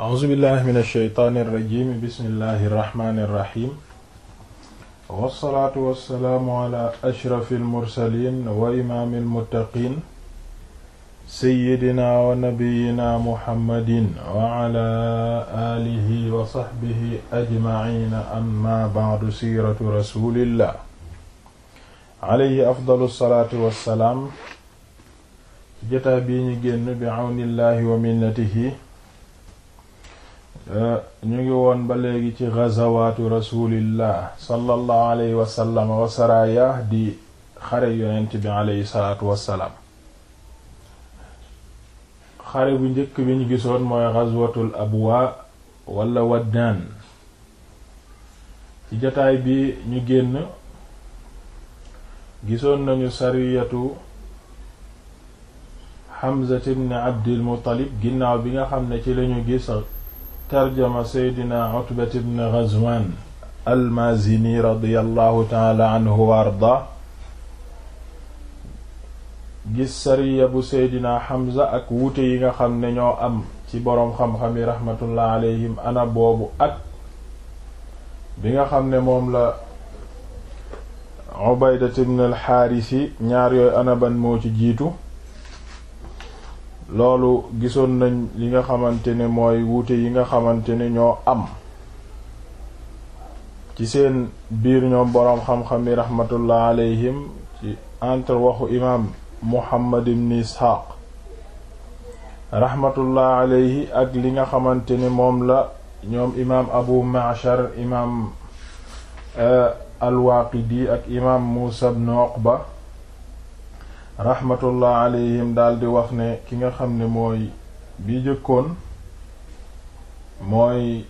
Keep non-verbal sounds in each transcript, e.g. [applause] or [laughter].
ahusubillah min alsheytaani irrajim bismillahi irrahmani irrahim wassalaatu wassalaamu ala ashrafi almursalin wa imaami almuttaqin seyidina wa nabiyina muhammadin wa ala aalihi wa saxbihi ajmaciina amma bacdu siiratu rasulillah alayhi afdalu salaatu wassalaam ci jataa bii ñu génn bi awnillahi wa minnatihi Euh, ñu ngi woon ba léegi ci ghazawaatu rasulillah sallallahu alayhi wa sallam di xare yonent bi alayhi salaatu wassalaam xare bu njëkk bi ñu gisoon mooy ghazwatul abwa wala waddaan ci jataay bi ñu génn gisoon nañu sariyatu Hamza ibn Abdil Muttalib ginnaaw bi nga xam ne ci lañu gis tarjama seydina utbat ibn ghazwan almaazini radiyallahu taala anhu wa arda gis sariya bu seydina Hamza ak wuute yi nga xam ne ñoo am ci boroom xam-xam yi rahmatullah ana boobu ak bi nga xam ne moom la Ubaydat ibn al-Haarisi ñaar yooyu ana ban moo ci jiitu loolu gisoon nañ li nga xamante ne mooy wuute yi nga xamante ne ñoo am ci seen biir ñoom boroom xam-xam yi rahmatullah alayhim ci entre waxu imaam Muhammad ibn Isxaaq rahmatullah alayhi ak li nga xamante ne moom la ñoom imaam Abu Ma'shar imaam euh, al-Waaqidi ak imaam Muusa ibn ba raxmatullah alayhim di wax ne ki nga xam ne mooy bi jëkkoon mooy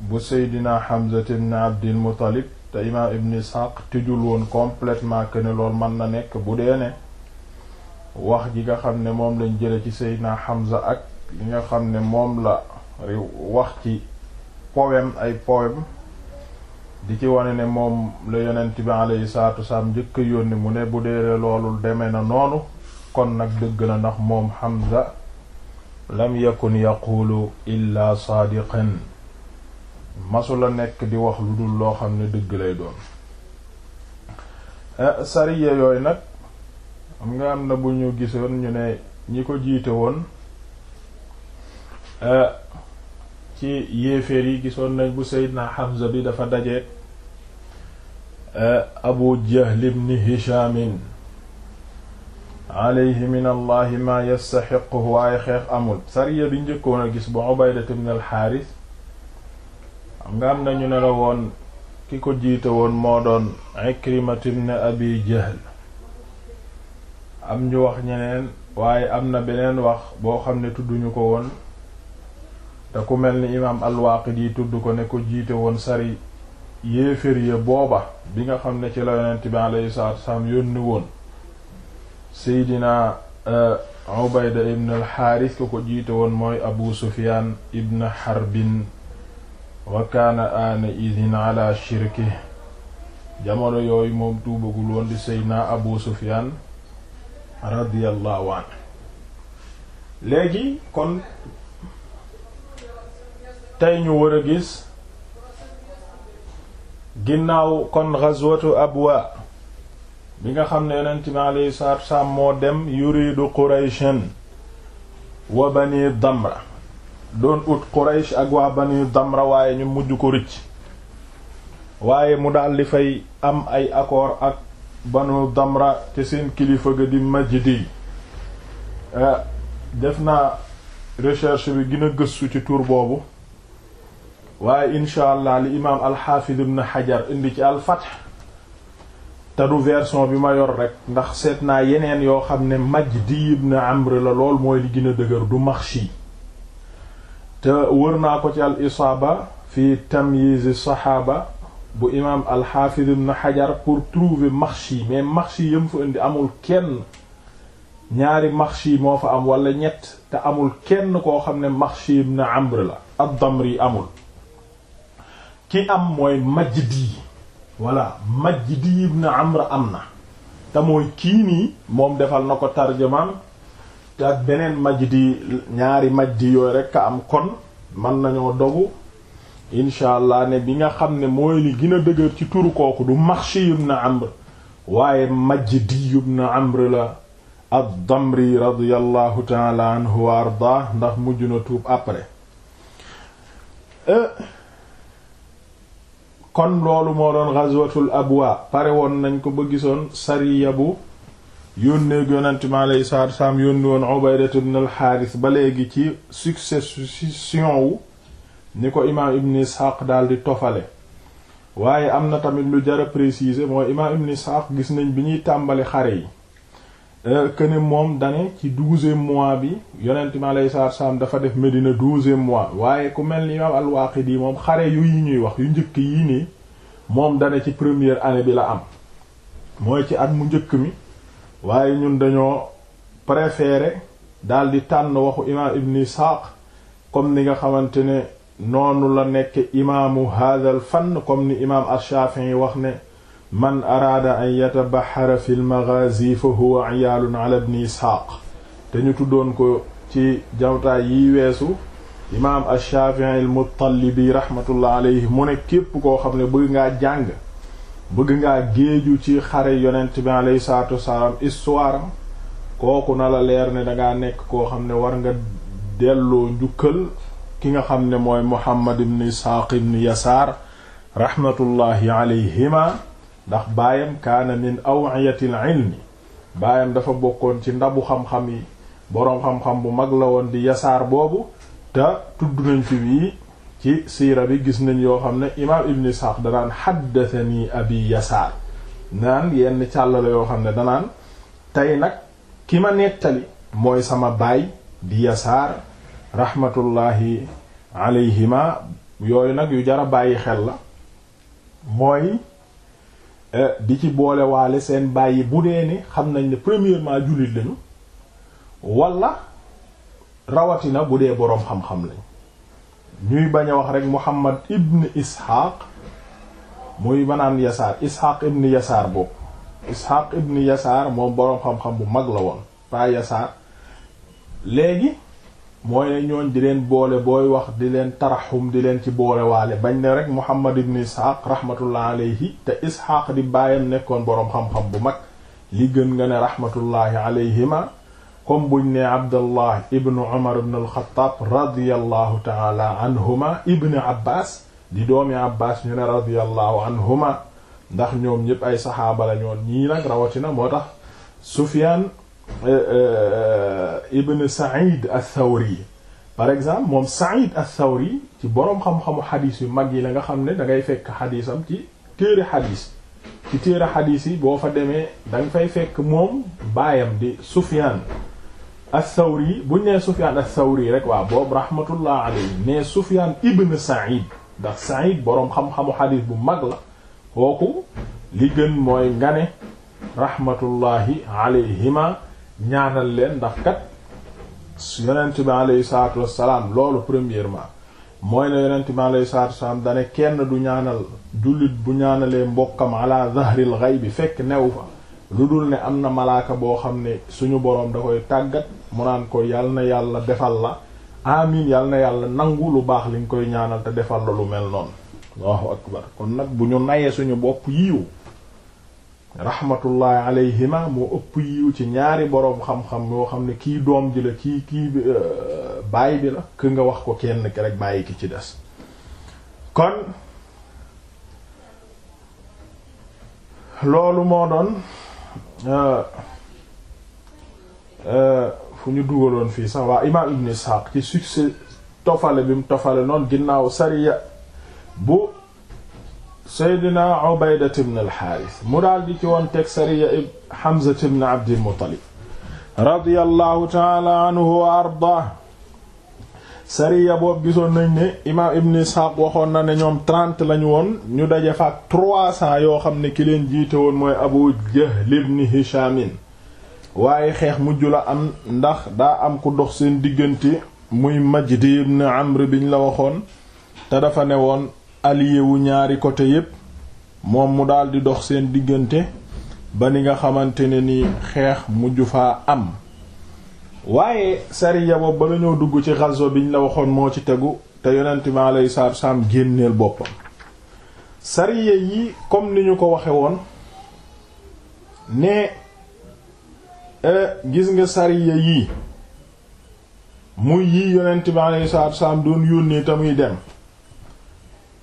bu seydina Hamza ibn Abdil Muttalib te imaam ibn Isxaaq tëjul woon completement que ne loolu mën na nekk bu dee ne wax ji nga xam ne moom lañ jële ci seydina Hamza ak li nga xam ne moom la wax ci poème ay poème di ci wane ne moom la yonent bi alayhi salaatu wasalaam njëkk a yónni mu ne bu deere loolul demee na noonu kon nag dëgg na ndax moom Hamza lam yakun yaqulu illa saadiqan masula nekk di wax lu dul loo xam ne dëgg lay doon eh, sariya yooyu nag am nga am na bu ñu gisoon ñu ne ñi ko jiite woon eh, ci yéeféer yi gisoon nañ bu Seydina Hamza bi dafa daje eh, Abu Jahl ibn Hishaamin alayhi min allahi ma yastaxiqu waaye xeex amul sariya bi njëkkoon a gis bu Ubaydat ibn al nga am nañu ne la ki ko jiite woon moo doon Ikrimat ibn Abi Jahl am ñu wax ñeneen waaye am na beneen wax boo xam ne tudduñu ko woon te ku mel ni imaam al-Waaqidi tudd ko ne ko jiite woon sari yéefér ya booba bi nga xam ne ci la yonent bi alayhi salaatu wasalaam yónni woon seydina eh, Ubayda ibn al-Haaris ko jiite woon mooy Abu Sufyaan ibn Harbin wa kaana aana ala shirki jamono yooyu moom tuubagul woon di seydina Abu Sufyaan radiyallahu anhu léegi kon tey ñu war a gis ginnaaw kon ghazwatu abwa bi nga xam ne yonent bi alayhi moo dem yuridu qurayshan wa bani damra doon ut quraysh ak waa bani damra waaye ñu mujj ko rëcc waaye mu daldi fay am ay accord ak banu damra te seen kilifa ga di majdi eh, def na recherche bi gën a ci tur boobu waaye insha allah li imaam alxaafid ibn xajar indi ci alfath te du version bi ma yor rek ndax seet naa yeneen yoo xam ne majdi ibn amr la lool mooy li gën a dëgër du maxshi te wër naa ko ci al isaaba fi tamyiz saxaaba bu imaam alxaafid ibn xajar pour trouver maxshi mais maxshi yëm fa indi amul kenn ñaari maxshi moo fa am wala ñett te amul kenn koo xam ne maxshi ibn amr la ad-damri amul ki am mooy Majdi voilà Majdi ibn Amr am na te kii nii moom defal na ko tarjumaan te ak beneen Majdi ñaari Majdi yooyu rek a am kon mën nañoo dogu incha allah ne bi nga xam ne mooy li gën dëgër ci turu kooku du Makhshi ibn Amr waaye Majdi ibn Amr la ad-Damri radiyallahu taala anhu wa ndax mujj na tuub après. Euh, kon loolu moo doon ghazwatul abwa pare woon nañ ko ba gisoon sariya bu yónnee yonent mi alayhi salaatu salaam yónni woon Ubaydatu ibn al-Haaris ba léegi ci succession wu ni ko imaam Ibn Ishaq daal di tofale waaye am na tamit lu jara préciser mooy imaam Ibn Ishaq gis nañ bi ñuy tàmbali xare yi Euh, que ne moom dane ci douzième mois bi yonent mi alayhi salaatu salaam dafa def Medina douzième mois waaye ku mel ni imaam al-Waaqidi moom xare yu yi ñuy wax yu njëkk yi nii moom dane ci première année bi la am mooy ci at mu njëkk mi waaye ñun dañoo préféré daal di tànn waxu imaam Ibn Isaaq comme ni nga xamante ne noonu la nekk imaamu haadal fann comme ni imaam al-Shaafi'i wax ne man araada an yatabaxara fi lmaghazi fa huwa iyaalun ala ibni isxaaq te ñu tuddoon ko ci jawtaay yi weesu imaam ash-Shafi'i al-Muttalibi rahmatullah alayhi mu ne képp koo xam ne bëgg nga jàng bëgg nga géeju ci xare yonent bi alayhi salaatu kooku na la leer ne danga nekk koo xam ne war nga delloo njukkal ki nga xam ne mooy Muhammad ibn Isxaaq ibn Yasaar rahmatullahi alayhima ndax baayam kaana min awiyatil ilmi baayam dafa bokkoon ci ndabu xam-xam yi boroom xam-xam bu mag la woon di yasaar boobu te tudd nañ ci wii ci siira bi gis nañ yoo xam ne imaam ibn Isxaaq danaan xaddathani abi yasaar naan yenn càlla la yoo xam ne danaan tey nag ki ma nettali mooy sama baay di yasaar rahmatullahi alayhima yooyu nag yu jara bàyyi xel la mooy Eh, di ci boolewaale seen bàyyi bu dee ni xam nañ ne premièrement jullit lañu wala rawatina bu dee boroom xam-xam lañ ñuy bañ a wax rek Muhammad ibn Ishaq muy banaan Yasaar Ishaq ibn Yasaar boobu Ishaq ibn Yasaar moom boroom xam-xam bu mag la woon pas Yasaar léegi mooy ñooñ di leen boole booy wax di leen taraxum di leen ci boole waale bañ ne rek Muhammad ibn Isxaaq rahmatullah alayhi te Isxaaq di baayam nekkoon boroom xam-xam bu mag li gën nga ne rahmatullahi alayhima comme buñ ne Abdallah ibn Umar ibn al-Khattab radiyallahu taala anhuma ibn Abbas di doomi Abbas ñu ne radiyallahu anhuma ndax ñoom ñépp ay saxaaba la ñii nag rawatina moo tax Sufyaan Euh, euh, euh, Ibn Sa'id al-Thawri par exemple moom Sa'id al-Thawri ci boroom xam-xamu xadiis yu mag yi la nga xam ne da ngay fekk xadiisam ci téere xadiis ci téere xadiis yi boo fa demee da fay fekk moom baayam di Sufyaan al-Thawri buñ nee Sufyaan al-Thawri rek waa boobu rahmatullah alayhi nee Sufyaan Ibn Sa'id ndax Sa'id boroom xam-xamu xadiis bu mag la kooku li gën mooy nga ne rahmatullahi alayhima ñaanal leen ndax kat yonent bi aleyhi salaatu loolu premièrement mooy ne yonent bi aleyhi salaatu wassalaam kenn du ñaanal jullit bu ñaanalee mbokkam ala zahril bi fekk new fa lu dul ne am na malaaka boo xam ne suñu boroom da koy tàggat mu naan ko yal na yàlla defal la amin yal na yàlla nangu lu baax liñ koy ñaanal te defal la lu mel noonu allahu akbar kon nag bu ñu nayee suñu bopp yiiw rahmatullahi alayhima moo ëpp yiw ci ñaari boroom xam-xam yoo xam ne kii doom ji la kii kii euh, baay bi la que nga wax ko kenn ki rek bàyyi ki ci des kon loolu moo doon euh, euh, fu ñu dugaloon fii sax waa imaam ibn Ishaq ci succès tofale bi mu tofale noonu ginnaaw sariya bu seydina ubaydat ibn alxaaris mu daal di ci woon teg sariya ib xamzat ibn abdilmuttalib radiallahu taala anhu wa arda sariya boobu gisoon nañ ne imaam ibn isxaaq waxoon na ne ñoom trente lañu woon ñu daje fa ak trois yoo xam ne ki leen jiite woon mooy abu jahl ibn hishaamin waaye xeex mujj la am ndax daa am ku dox seen diggante muy majdi ibn amr biñ la waxoon te dafa ne woon allié wu ñaari côté yépp moom mu daldi dox seen diggante ba ni nga xamante ne ni xeex mujj faa am waaye sariya boobu ba la dugg ci xaso biñ la waxoon moo ci tegu te yonent mi alayhi salaatu salaam génneel boppam sariya yi comme ni ñu ko waxe woon ne e, gis nga sariya yi muy yii yonent bi alayhi salaatu salaam doon yónnee te muy dem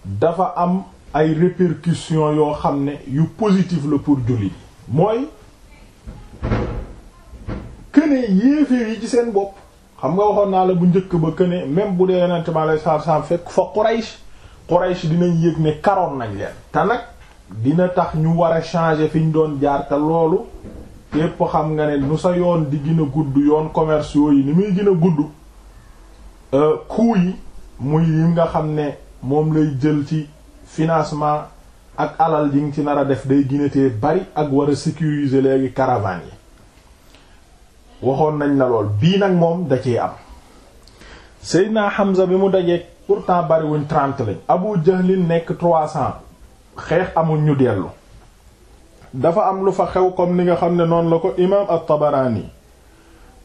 dafa am ay répercussions yoo xam ne yu positif la pour jullit mooy këne yéeféer yi ci seen bopp xam nga waxoon naa la bu njëkk ba këne même bu dee yonent ma lay saar saar fekk fa Quraysh Quraysh dinañ yëg ne karoon nañ leen te nag dina tax ñu war a changer fi ñu doon jaar te loolu yépp xam nga ne nu sa yoon di gën a gudd yoon commerciaux yi ni muy gën a gudd euh, coût yi muy yi nga xam ne moom lay jël ci financement ak alal yi nga ci nar a def day ginatee bari ak war a sécuriser léegi caravane yi waxoon nañ la lool bii nag moom da ciy am Seydina Hamza bi mu dajee pourtant bariwuñ trente lañ Abu Jahlin nekk trois cents xeex amul ñu dellu dafa am lu fa xew comme ni nga xam ne noonu la ko imaam at-Tabarani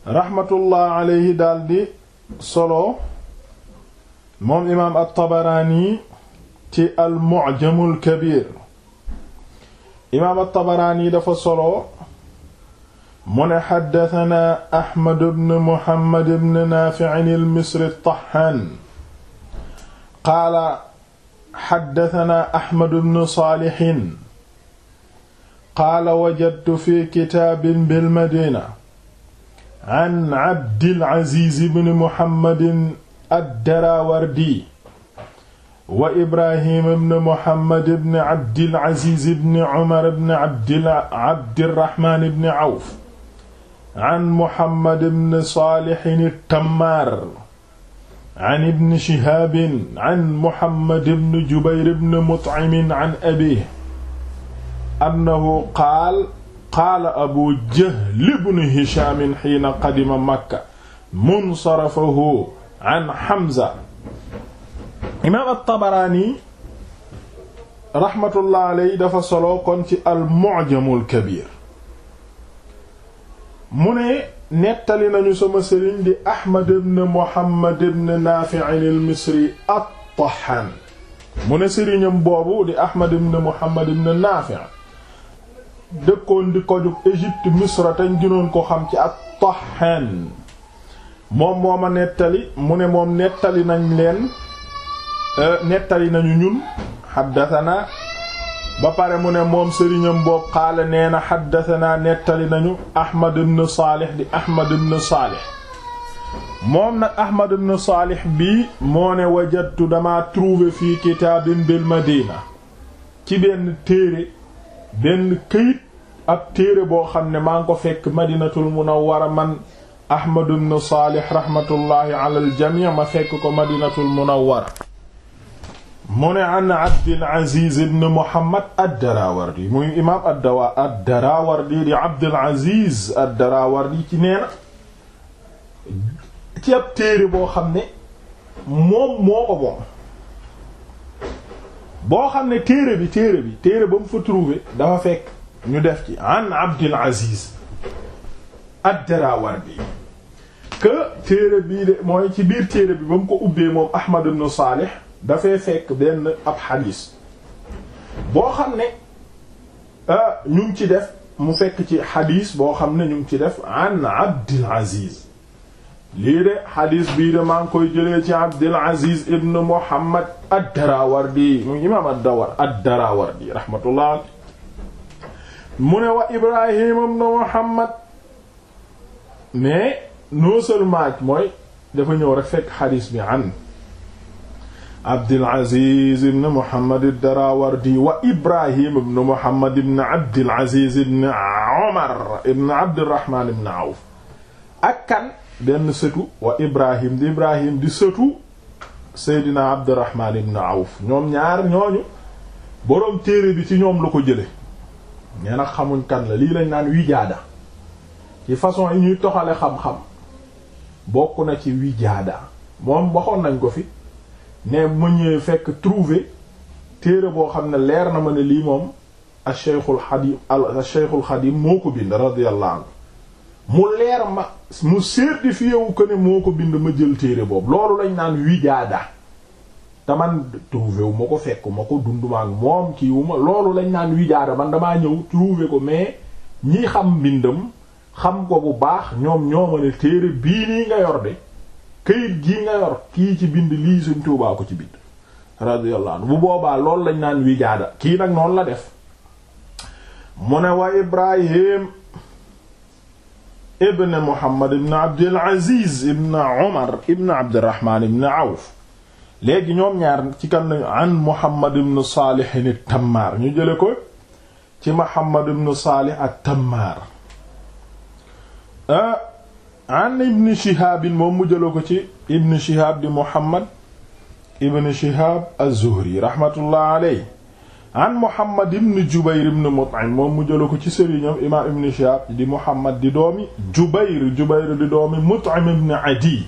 rahmatullah alayhi daldi solo moom imaam at-Tabaraani ci al-Mu'jam al-Kabir imaam at-Tabaraani dafa solo mu ne xaddatanaa Ahmad bn Muhammad bn Naafi'in al-Misri at-Tahhaan qaala xaddatanaa Ahmad bn Saalihin qaala wajadtu fi kitaabin bil-Madiina an Abdil Aziz bn Muhammadin ad-Darawardi wa Ibrahim ibn Muhammad ibn Abdil Aziz ibn Umar ibn Abdil Abdirrahman ibn Awf an Muhammad ibn Salih at-Tammar an ibn Shihab an Muhammad ibn Jubayr ibn Mut'im an abiihi annahu qaala qaala Abu Jahl ibn Hisham hiina qadima Makka munsarafahu an Hamza imaam at-Tabaraani rahmatullah dafa solo kon ci al-Mu'jamul mu ne nettali nañu sama sëriñ di Ahmad ibn Muhammad ibn Naafi' al-Misri at-Tahan mu ne sëriñam boobu di Ahmad ibn Muhammad ibn Naafi' dëkkoon di ko jóg Égypte te ñu ko xam ci at-Tahan moom moo ma nettali mu ne moom nettali nañ leen euh, nettali nañu ñun xaddasanaa ba pare mu ne moom sëriñam boobu xaala nee na naa nettali nañu ahmad ibn saalih di ahmad ibn saalih moom nag ahmad saalih bii moo ne wajadtu dama trouver fii kitaabin bil madina ci benn téere benn këyit ab téere boo xam ne maa ngi ko fekk madinatul munawwara man Ahmad ibn Salih rahmatullahi ala al-jamii ma fekk ko Madinatul Munawwara mu ne an Abdul Aziz ibn Muhammad ad-Darawardi muy imaam ad-Dawa ad-Darawardi di Abdul Aziz ad-Darawardi ci nee ci ab téere boo xam ne moom moo ko bon boo xam ne téere bi téere bi téere ba mu fa dafa fekk ñu def ci an Abdul Aziz ad-Darawardi que téere bii de mooy ci biir téere bi ba ko ubbee moom Ahmad ibn Salih dafay fekk benn ab xadiis boo xam ne euh, ñu ngi ci def mu fekk ci xadiis boo xam ne ñu ngi ci def an Abdul Aziz lii xadiis bii maa ngi koy jëlee ci Abdul Aziz ibn Muhammad ad-Darawardi mu imaam ad-Dawar ad rahmatullah mu ne wa Ibrahim ibn Muhammad mais non seulement mooy dafa ñëw rek fekk xadis bi an Abdul Aziz Muhammad ad wa Ibrahim ibn Muhammad ibn Abdul Aziz ibn Omar ibn Abdurrahman ibn ak kan benn sëtu wa Ibrahim di Ibrahim di sëtu Seydina Abdurrahman ibn Awf ñoom ñaar ñooñu boroom téere bi ci ñoom la ko jële nee nag xamuñ kan la lii lañ naan wijaada ci façon yi ñuy toxale xam-xam bokk na ci wijaada moom waxoon nañ ko fi ne mu fekk trouver téere boo xam ne leer na ma ne lii moom al sheikhul xadim al sheikhul xadim moo ko bind radiyallahu mu leer ma mu certifié wu ko ne moo ko bind ma jël téere boobu loolu lañ naan wijaada te man trouvé wu ma ko fekk ko dund ma ak moom kii loolu lañ naan wijaada man damaa ñëw trouver ko mais ñi xam mbindam xam ko bu baax ñoom ñooma ne téere bii nii nga yor de këyit gii nga yor kii ci bind lii Sëriñ Tuubaa ko ci bind radiyallahu anhu bu boobaa loolu lañ naan wijaada kii nag noonu la def mu ne wa Ibrahim ibn Muhammad ibn Abdul Aziz ibn Umar ibn Abdurrahman ibn Awf léegi ñoom ñaar ci kan lañu an Muhammad ibn Salih at-Tammar ñu jële ko ci Muhammad ibn Salih at-Tammar Ah, an ibn Shihab moom mu jëloo ko ci ibn Shihab di Muhammad ibn Shihab az-Zuhri rahmatullah alayhi an Muhammad ibn Jubayr ibn Mut'im moom mu jëloo ko ci sëriñam imaam ibn Shihab di Muhammad di doomi Jubayr Jubayr di doomi Mut'im ibn Adi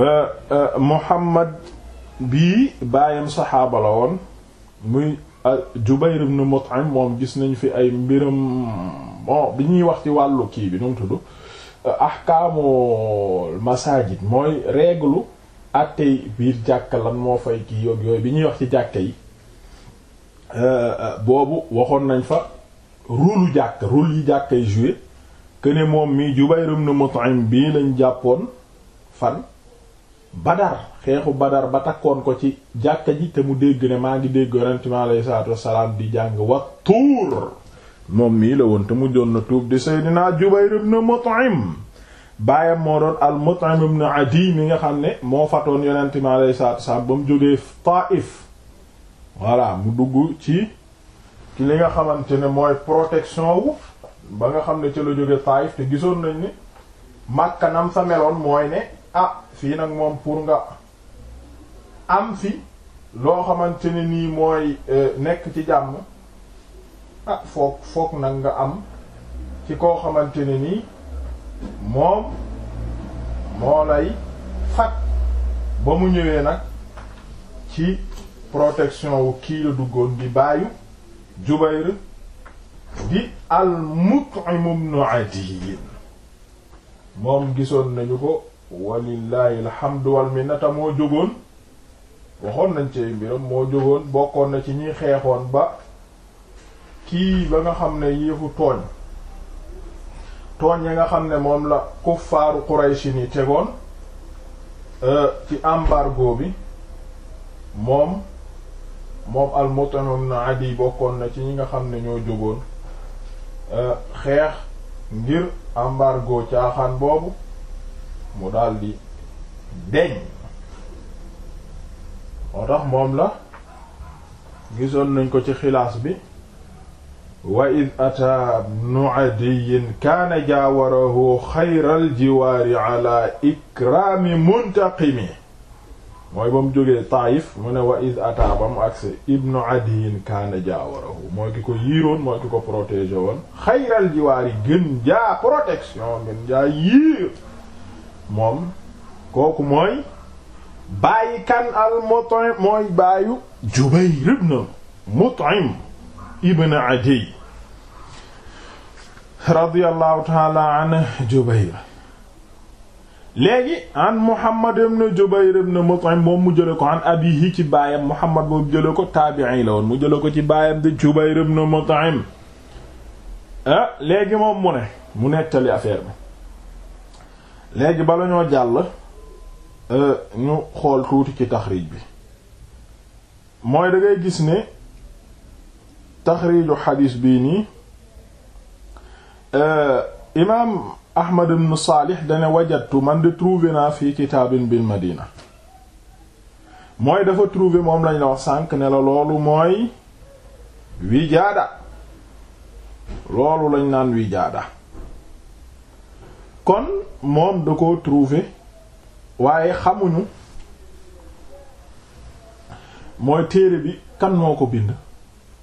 ah, Muhammad bii baayam saxaaba la woon muy ah, Jubayr ibn Mut'im moom gis nañ fi ay mbiram bon bi ñuy wax ci wàllu kii bi nu mu tudd euh, ahkaamu masajid mooy règle attey biir jàkk lan moo fay kii yoog yooyu bi ñuy wax ci jàkk yi euh, euh, boobu waxoon nañ fa rôle lu jàkk rôle yi jàkka yi joué que ne moom mi Jubayr ibn Mut'im bii lañ jàppoon fan Badar xeexu Badar ba takkoon ko ci jàkka ji te mu dégg ne maa ngi dégg yonent mi alayhi salaatu wassalaam di jàng wa tuur moom mii la woon te mujjoon na tuub di Seydina Jubayr ibn Mut'im baayam moo doon al Mut'im ibn Adi mi nga xam ne moo fatoon yonent mi alayhi salaatu wassalaam ba mu jógee Taif voilà mu dugg ci ki li nga xamante ne mooy protection wu ba nga xam ne ci la jóge Taif te gisoon nañ ni Makka nam meloon mooy ne ah fii nag moom pour nga am fi loo xamante ne nii mooy euh, nekk ci jàmm ah foog foog nag nga am ci koo xamante ne nii moom moo lay fat ba mu ñëwee nag ci protection wu kii la duggoon di bàyyu Jubayr di al-Mut'im ibn Adiy moom gisoon nañu ko walillahi alhamdu wal minnata moo jógoon waxoon nañ ci mbiram moo jógoon bokkoon na ci ñuy xeexoon ba kii ba nga xam ne yéefu tooñ tooñ ya nga xam ne moom la kuffaaru Quraysh ni tegoon euh, ci embargo bi moom moom al na Adi bokkoon na ci ñi nga xam ne ñoo jógoon euh, xeex ngir embargo caaxaan boobu mu daldi deñ moo tax moom la gisoon nañ ko ci xilaas bi wa id ataa bnu adiyin kaana jaawarahu xayral jiwaari ala muntaqimi mooy ba mu jógee taayif mu ne ba mu agse ibnu adiyin kaana jaawarahu mooy ki ko yiiroon mooy ki ko protégé woon xayral jiwaari jaa protection gën jaa yiir moom kooku mooy bàyyi kan al mooy bàyyu Jubayr ibn Mut'im ibn Adiy radiyallahu taala an Jubayr léegi an Muhammad ibn Jubayr ibn Mut'im moom mu jële ko an ci baayam Muhammad boobu jële ko taabi'i la woon mu jële ko ci baayam di Jubayr ibn Mut'im ah, léegi moom mu ne mu nettali affaire bi léegi bala ñoo jàll ah, ñu xool tuuti ci taxriij bi mooy da gis ne taxriiju xadiis bii nii Euh, imaam Ahmad ibn Salih dane wajattu man de trouvé naa fii kitaabin bil Madina mooy dafa trouvé moom lañ la wax sànq ne la loolu mooy wijaada loolu lañ naan wijaada kon moom da ko trouvé waaye xamuñu mooy téere bi kan moo ko bind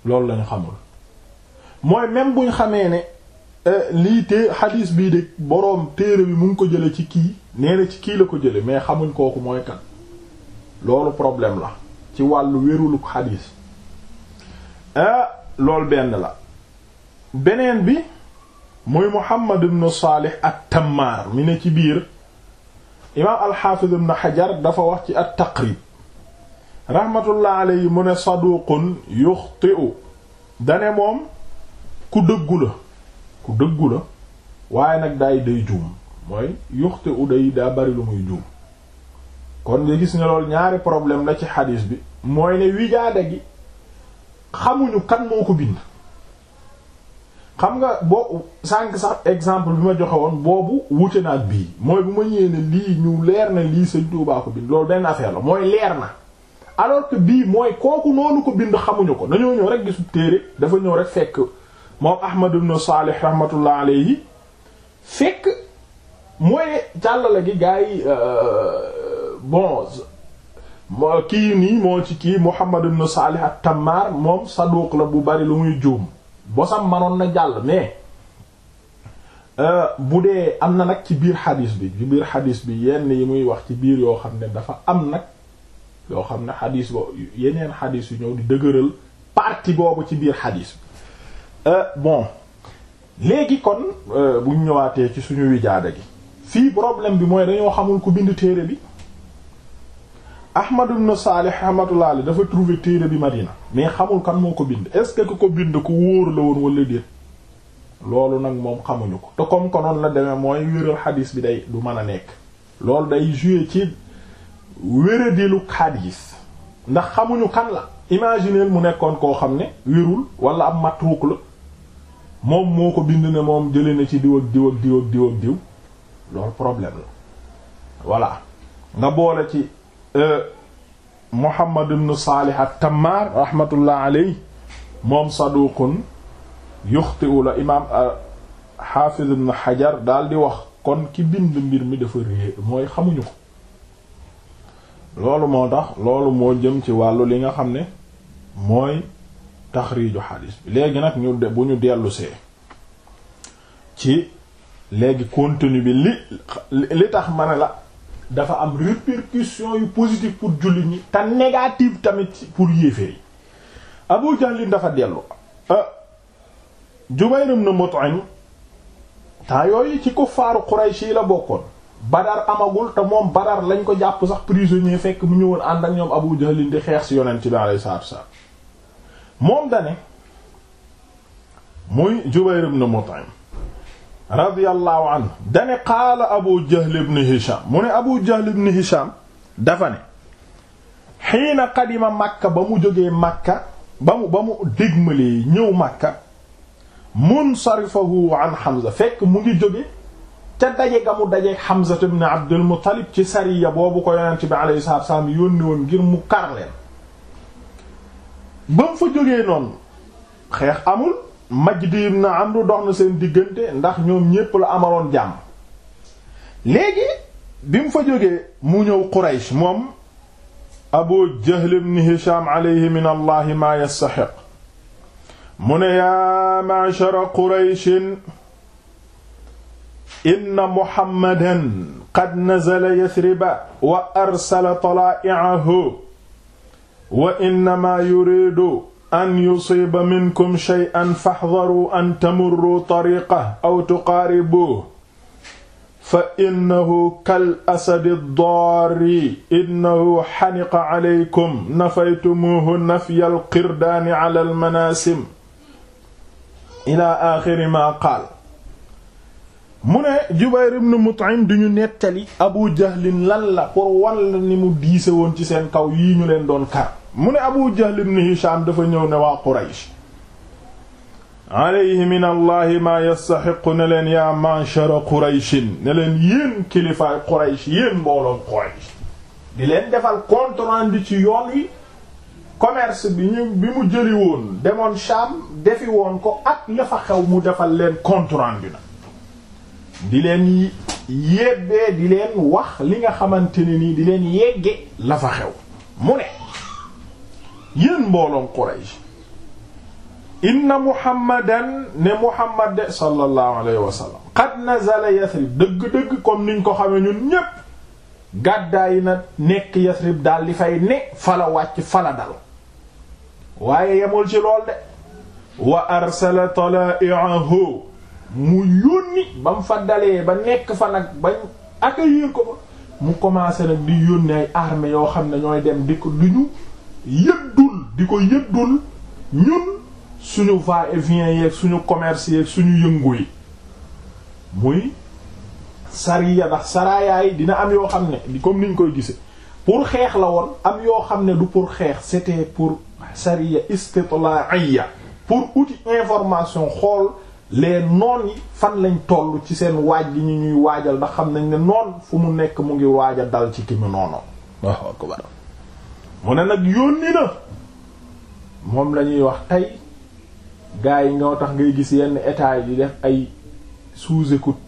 loolu lañ xamul mooy même buñ xamee ne Euh, lii te xadiis bii de boroom téere bi mu ngi ko jële ci kii nee ci kii la ko jële mais xamuñ kooku mooy kan loolu problème la ci wàllu wérulu xadiis euh, loolu benn la beneen bi muy Muhammad ibn Salih ak tammar mi ne ci biir imaam al-Hafiz ibn dafa wax ci at-Taqrib rahmatullah alayhi mu ne saduqun yuxti'u dane moom ku dëggu la ku dëggu la waaye nag daay day juum mooy yuxte uday daa bari lu muy juum kon nga gis ne loolu ñaari problème la ci xadis bi mooy ne wijaada gi xamuñu kan moo ko bind xam nga boo sànq sax exemple bi ma joxe woon boobu wute na ak bii mooy bu ma ñëwee ne lii ñu leer na lii Sëriñ Tuubaa ko bind loolu benn affaire la mooy leer na alors que bii mooy kooku noonu ko bind xamuñu ko dañoo ñëw rek gisu téere dafa ñëw rek fekk moom Ahmad ibn Salih rahmatullah alayhi fekk mooy jàllale gi gars yi euh, bon kii nii moo ci kii Muhammad ibn Salih ak tammar moom saduq la bu bari lu muy juum bosam manoon na jàll mais euh, bu dee am na nag ci biir xadis bi ci biir xadis bi yenn yi muy wax ci biir yoo xam ne dafa am nag yoo xam ne xadis bo yeneen xadis yu ñëw di dëgëral partie boobu ci biir xadis bi Euh, bon léegi kon euh, bu ñëwaatee ci suñu wijaada gi fii problème bi mooy dañoo xamul ku bind téere bi Ahmad ibn Salih rahmatullah alayhi dafa trouver téere bi Madina mais xamul kan moo ko bind est-ce que ku ko bind ku wóor la woon wala déet loolu nag moom xamuñu ko te comme konoon la demee mooy wéral xadis bi day du mën a nekk loolu day jouer ci wéradilu xadis ndax xamuñu kan la imaginer mu nekkoon koo xam ne wérul wala am matruk la moom moo ko bind ne moom jëlee na ci diw ak diw ak diw ak diw ak diw loolu problème la voilà nga boole ci euh, Muhammad ibn Salih at-Tammar rahmatullah alayhi moom saduqun yuxti'u la imaam euh, Hafiz ibn Hajar daal di wax kon ki bind mbir mi dafa réer mooy xamuñu ko loolu moo tax loolu moo jëm ci wàllu li nga xam ne mooy taxriiju xadis bi léegi nag ñu bu ñu dellusee ci léegi continue bi li li tax ma ne la dafa am répercussion yu positive pour julli ñi te négative tamit pour yéefee yi Abu Jahlin dafa dellu euh, Jubayr ibn Mut'im temps yooyu ci kuffaaru Quraysh yi la bokkoon Badar amagul te moom Badar lañ ko jàpp sax prisonnier fekk mu ñëwoon ànd ak ñoom Abu Jahlin di xeex si yonent bi alayhi salaatu wa salaam moom dane muy Jubayr ibn Mut'im radiyallahu anhu dane qaala Abu Jahl ibn Hisham mu Abu Jahl ibn Hisham dafa ne xiina qadima Makka ba mu joge Makka ba mu ba mu dégmalee ñëw Makka munsarifahu an Hamza fekk mu ngi jóge ca daje ga mu daje Hamza ibn Abdul Muttalib ci sariya boobu ko yonent bi alayhi salaatu wa salaam mu kar ba mu fa jógee noonu xeex amul Majdi ibn Amr dox na seen diggante ndax ñoom ñépp la amaloon jàmm léegi bi mu fa jógee mu ñëw Quraysh moom Abu Jahl ibn Hisham alayhi min Allah ma yastahiq mu ne yaa ma'shara Qurayshin inna Muhammadan qad nazala Yathriba wa arsala talaa'i'ahu wa innama yuridu an yusiba minkum shay'an fahdharu an tamurru tariqah aw tuqaaribuhu fa innahu kal asadi ad-darri innahu xaniqa alaykum nafaytumuhu nafyal qirdaani ala al-manaasim ila axiri ma qaal mu ne Jubayr ibn Mut'im duñu nettali Abu Jahlin lan la pour wàll ni mu diise woon ci seen kaw yii ñu leen doon kar mu ne Abu Jahl ibn dafa ñëw ne waa Quraysh alayhi min allahi maa yastaxiqu leen yaa manshara Qurayshin ne leen yéen kilifaay Quraysh yéen mbooloom Quraysh di leen defal compte rendu ci yoon wi commerce bi ñu bi mu jëli woon demoon Sham defi woon ko ak la fa xew mu defal leen compte rendu na di leen yébbee di leen wax li nga xamante ne nii di leen yegge la fa xew mu ne yéen mbooloom Quraysh inna muhammadan ne muhammad de sallallahu alayhi wa sallam qad yasrib dëgg-dëgg comme niñ ko xamee ñun ñépp gàddaayi na nekk yasrib daal di fay ne fala wàcc fala dal waaye yemul ci lool de wa arsala tala'i'ahu mu yónni ba mu fa dalee ba nekk fa nag bañ accueillir ko ba mu commencé nag di yónni ay armée yoo xam ne ñooy dem di ko duñu yëddul di ko yëddul ñun suñu va-et-vient yeeg suñu commerce yeeg suñu yëngu yi muy sariya ndax saraya yi dina am yoo xam ne comme niñ koy gise pour xeex la woon am yoo xam ne du pour xeex c'était pour sariya istitla'iya pour outil information xool leen noon yi fan lañ toll ci seen waaj li ñu ñuy waajal ndax xam nañ ne noon fu mu nekk mu ngi waaj a dal ci ki mu noonu waaw mu ne nag yónni na moom lañuy wax tey gars yi ñoo tax ngay gis yenn état yi di def ay sous-écoute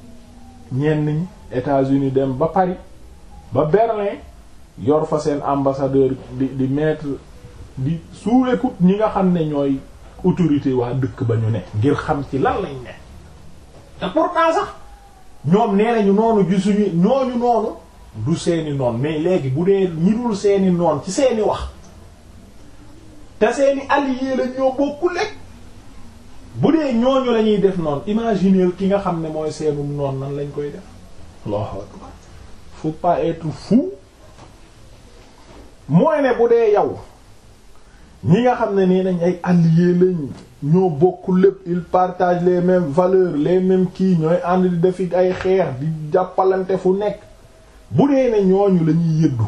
ñenn ñi États-Unis dem ba Paris ba Berlin yor fa seen ambassadeur di di mettre di sous-écoute ñi nga xam ne ñooy autorité waa dëkk ba ñu ne ngir xam ci lan lañ ne te pourtant sax ñoom nee nañu noonu gisuñu ñooñu noonu du seeni noon mais léegi bu dee ñi seeni noon ci seeni wax te seeni alliés la ñoo bokku lekk bu dee ñooñu lañuy def noon imaginer ki nga xam ne mooy seenum noon nan lañ koy def Allahu akbar faut pas être fou mooy bu dee yow ñi nga xam ne nii nañ ay alliés lañ ñoo bokk lépp ils partagent les mêmes valeurs kii ñooy ànd di def ay xeex di jàppalante fu nekk bu dee ne ñooñu la ñuy yëddu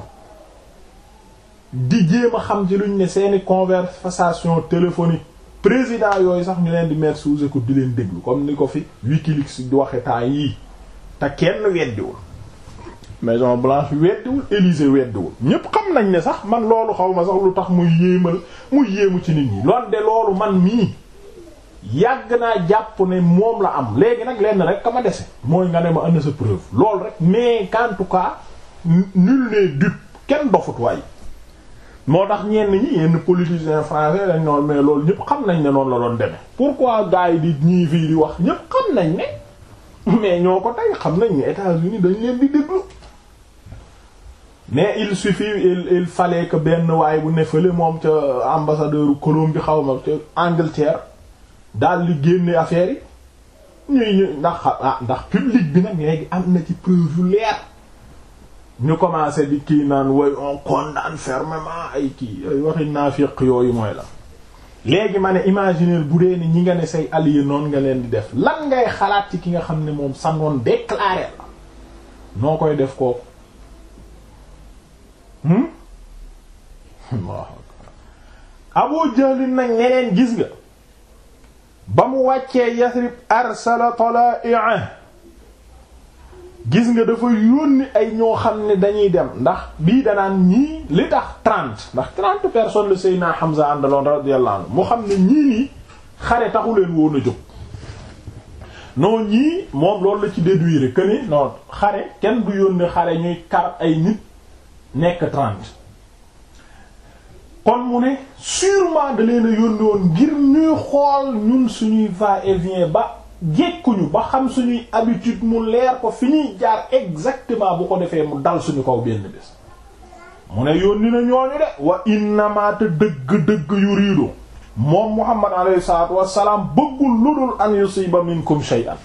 di jéem a xam ci luñ ne seeni conversation téléphonique président yooyu sax ñu leen di mettre sous ko di leen déglu comme ni ko fi Wikileaks di waxe temps yii te kenn weddiwul Maison Blanche weddiwul Élysée weddiwul ñépp xam nañ ne sax man loolu xaw sax lu tax muy yéemal muy yéemu ci nit ñi lool de loolu man mii yàgg naa jàpp ne moom la am léegi nag lenn rek ka ma dese mooy nga ne ma indi sa preuve lool rek mais en tout cas nul n'est kenn dofut waay moo tax ñenn ñi yenn politiciens français dañ noonu mais loolu ñëpp xam nañ ne noonu la doon demee pourquoi gars yi di ñii fii di wax ñëpp xam nañ ne mais ñoo ko tey xam nañ ne États-Unis dañ leen di déglu mais il suffit il il fallait benn waaye bu ne moom ca ambassadeur Colombie xaw ma ca Angleterre daal li génne affaire yi ñuy ñu ndax ah ndax public bi nag léegi am na ci preuve yu ñu commencé di kii naan way on condamne fermement ay kii ay waxi naafiq yooyu mooy la léegi ma ne imaginer bu dee ni ñi nga ne say allié noonu nga leen di def lan ngay xalaat ci ki nga xam ne moom sa noon déclaré la noo koy def kooku hmm? [laughs] Abu Jahl nag ñeneen gis nga ba mu wàccee yasrib arsala talaa'i'ah gis nga dafa yónni ay ñoo xam ne dañuy dem ndax bii danaan ñii li tax trent ndax trente personnes le Seydina Hamza àndaloon radiyallahu anhu mu xam ne ñii nii xare taxu leen woon a jóg non ñii moom loolu la ci déduire que ni non xare kenn du yónni xare ñuy kar ay nit nekk trente kon mu ne sûrement da leen a yónni woon ngir ñuy xool ñun suñuy va-et-vient ba jekkuñu ba xam suñuy habitude mu leer ko fi ñuy jaar exactement bu ko defee mu dal suñu kow benn bés mu ne yónni na ñooñu de wa innamaata dëgg-dëgg yu riidu moom Muhammad alayhi salaatu wassalaam bëggul lu dul an yusiba minkum shay'an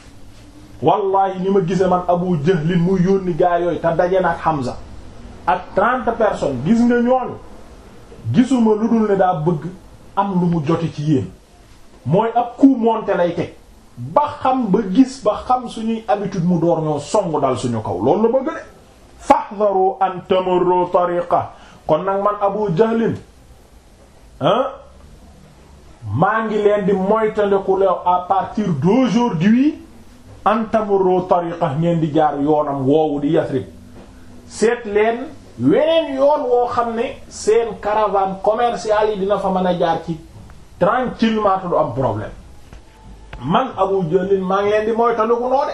wallahi ni ma gise man Abu Jahlin mu yónni gaa yooyu te daje na ak Hamza ak trente personnes gis nga ñooñu gisuma lu dul ne daa bëgg am lu mu joti ci yéen mooy ab coup monté lay teg ba xam ba gis ba xam suñuy habitude mu door ñoo song dal suñu kaw loolu la bëgg de fahdharu an tariqa kon nag man Abu Jahlin ah maa ngi leen di moytandiku à partir d'aujourd'hui an tamurru tariqa ngeen di jaar yoonam woowu di Yasrib seet weneen yoon woo xam ne seen caravane commerciale yi dina fa mën a jaar ci tranquillement te du am problème man Abu Jahl maa ngi leen di mooy taliku noo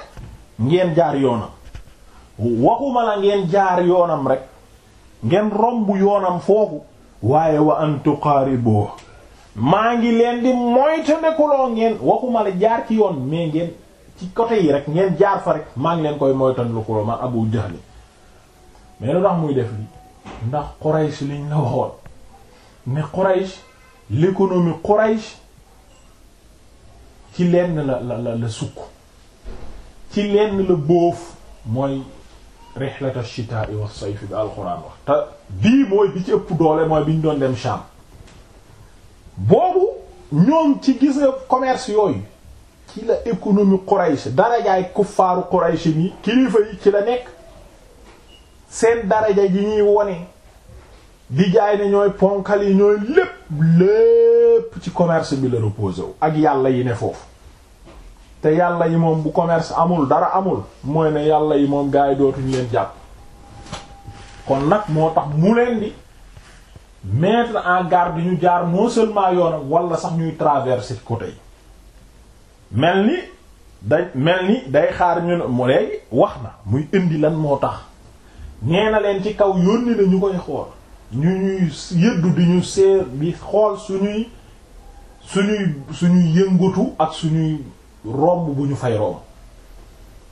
ngeen jaar yoonam waxuma la ngeen jaar yoonam rek ngeen romb yoonam foofu waaye wa an tuqaaribu maa ngi leen di moytandikuloo ngeen waxuma la jaar ci yoon mais ngeen ci côté yi rek ngeen jaar fa rek maa ngi leen koy moytandikuloo man Abu Jahl mais lu tax muy def li ndax Quraysh liñ la waxoon mais Quraysh l'économie Quraysh ci lenn la la la sukk ci lenn la bóof mooy rihlata shitaa'i wa sayfi bi alxuraan wax te bii mooy bi ci ëpp doole mooy bi ñu doon dem Sham boobu ñoom ci gis nga commerce yooyu ci la économie Quraysh dara jaay kuffaaru Quraysh ni kilifa yi ci la nekk seen daraja ji ñuy wone di jaay ne ñooy ponkal yi ñooy lépp lépp ci commerce bi la reposé ak yàlla yi ne foofu te yàlla yi moom bu commerce amul dara amul mooy ne yàlla yi moom gaa yi dootuñu leen jàpp kon nag moo tax mu leen di mettre en garde ñu jaar non seulement yoonam wala sax ñuy traverse côté yi mel ni dañ mel ni day xaar ñu ne mu léegi wax na muy indi lan moo tax nee na leen ci kaw yónni na ñu koy xool ñu ñuy yëddu di ñu seer bi xool suñuy suñuy suñuy yëngutu ak suñuy romb bu ñu fay romb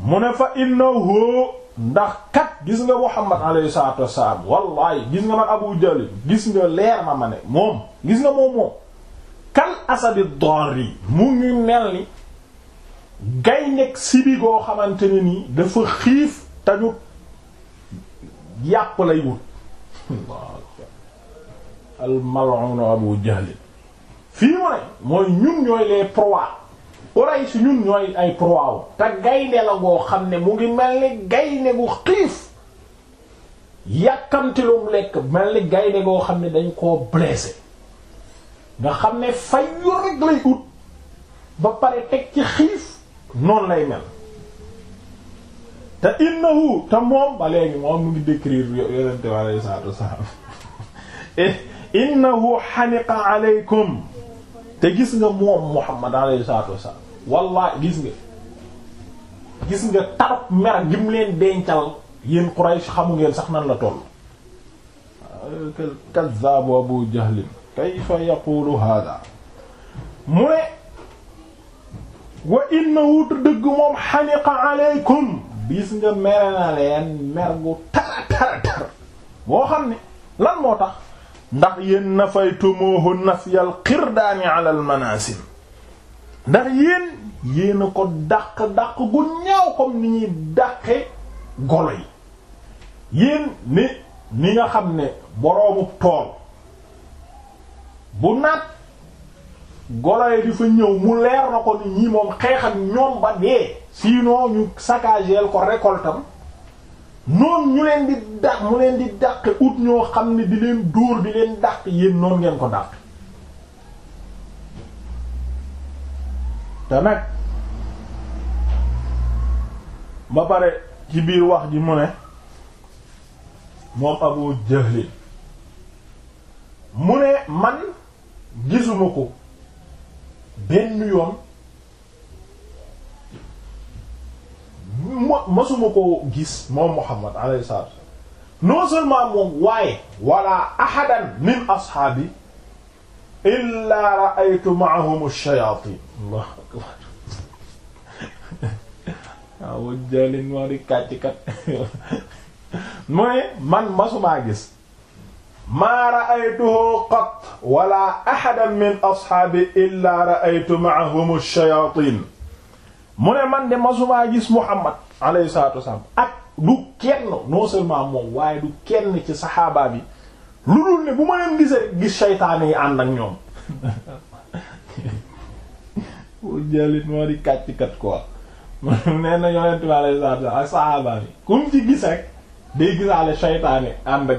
mu ne fa innahu ndax kat gis nga Muhammad alayhi salatu wassalam wallahi gis nga man Abu Jahl gis nga leer ma ma ne moom gis nga moom moom kal asadi darri mu ngi mel ni gaynde sibi goo xamante ne nii dafa xiif te ñu yàpp lay wut al mal'un Abu Jahl fii mu ne mooy ñun ñooy les proies Quraysh ñun ñooy ay proies te gaynde la goo xam ne mu ngi mel ni gaynde gu xiif yàkkamti lu mu lekk mel ni gaynde goo xam ne dañ koo blessé nga xam ne fay yu rek lay ut ba pare teg ci xiif noonu lay mel te innahu te moom ba moom mu ngi décrire yonente bi alayhi salaatu wassalaam eh, innahu xaniqa aleykum te gis nga moom Muhammad alayhi salaatu wassalaam wallaahi gis nga gis nga tarab mer gi mu leen dencal yéen Quraysh xamu sax nan la toll kazzaabu Abu Jahlin kayfa yaqulu hada mu ne wa innahu te dëgg moom xaniqa aleykum bis nga mere na leen mer gu tara tara tara boo xam ne lan moo tax ndax yéen nafaytumuhu nafyal qirdaani ala al manasim ndax yéen yéen ko dàq-dàq gu ñaaw comme ni ñuy dàqe golo yi yéen ni ni nga xam ne boroomu tool bu naat golo yi di fa ñëw mu leer na ko ni ñi moom xeexam ñoom ba dee sinon ñu saccageel ko récoltam noonu ñu leen di dàq mu leen di dàq ut ñoo xam ne di leen dóor di leen dàq yéen noonu ngeen ko dàq te nag ba pare ci biir wax ji mu ne moom Abu Jahl mu ne man gisuma ko benn yoon ma masuma koo gis moom Muhammad alayhi salaatu non seulement moom waaye wala ahadan min ashaabi illaa ra'aytu ma'ahum ash-shayaatiin Allahu akbar waaw jëlin moo di kàccikat [laughs] mooy man masumaa gis maa ra'aytuhu qat wala ahadan min ashaabi illaa ra'aytu ma'ahum ash-shayaatiin mu ne man de masumaa gis Muhammad alayhi salaatu wasalaam ak du kenn non seulement moom waaye du kenn ci saxaaba bi lu dul ne bu ma leen gisee gis seytaane yi ànd ak ñoom boo [laughs] jëlit moo di kàcc kat quoi [laughs] nee na yonent bi ak saxaaba bi kum ci gis rek day gisaale seytaane ànd ak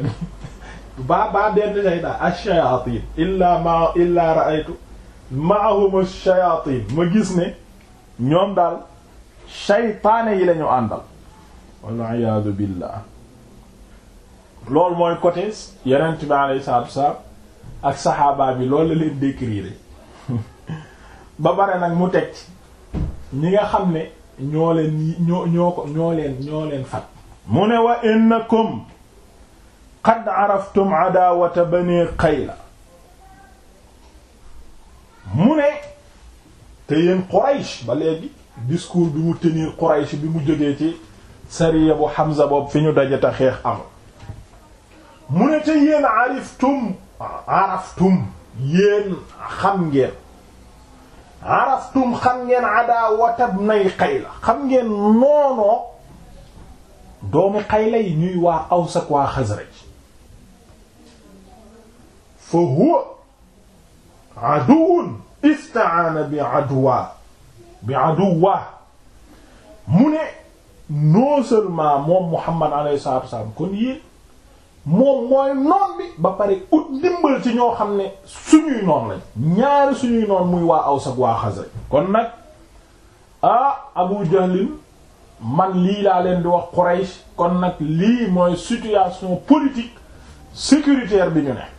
[laughs] baa baa benn seytaan ash-shayaatiin illaa ma illaa ra'aytu ma'ahum ash-shayaatiin ma gis ne ñoom daal shaytaane yi lañu ñu àndal walla iyaadu billaah loolu mooy côté yeneen bi alayhi salaatu wasalaam ak saxaaba bi loolu la leen décrire [laughs] ba bare nag mu teg ñi nga xam ne ñoo leen ñoo ñoo ko ñoo leen ñoo leen fat mu ne wa innakum qad araftum adaawata bani qayla mu ne te yéen Quraysh ba léegi discours bi mu tenir Quraysh bi mu jógee ci sariya bu Hamza boobu fi ñu dajata xeex am mu ne te yéen ariftum araftum yéen xam ngeen araftum xam ngeen adaawatab nay xayla xam ngeen noonoo doomi xayla yi ñuy waa Aws ak waa Xasraj fa huwa aduun istaana bi aduwa bi aduwa mu ne non seulement moom Muhammad alayhi salaatu wasallam kon yéen moom mooy noon bi ba pare ut ndimbal ci ñoo xam ne suñuy noon lañ ñaari suñuy noon muy waa aw ak waa Xasraj kon nag ah Abu Jahlin man lii laa leen di wax Quraysh kon nag lii mooy situation politique sécuritaire bi ñu ne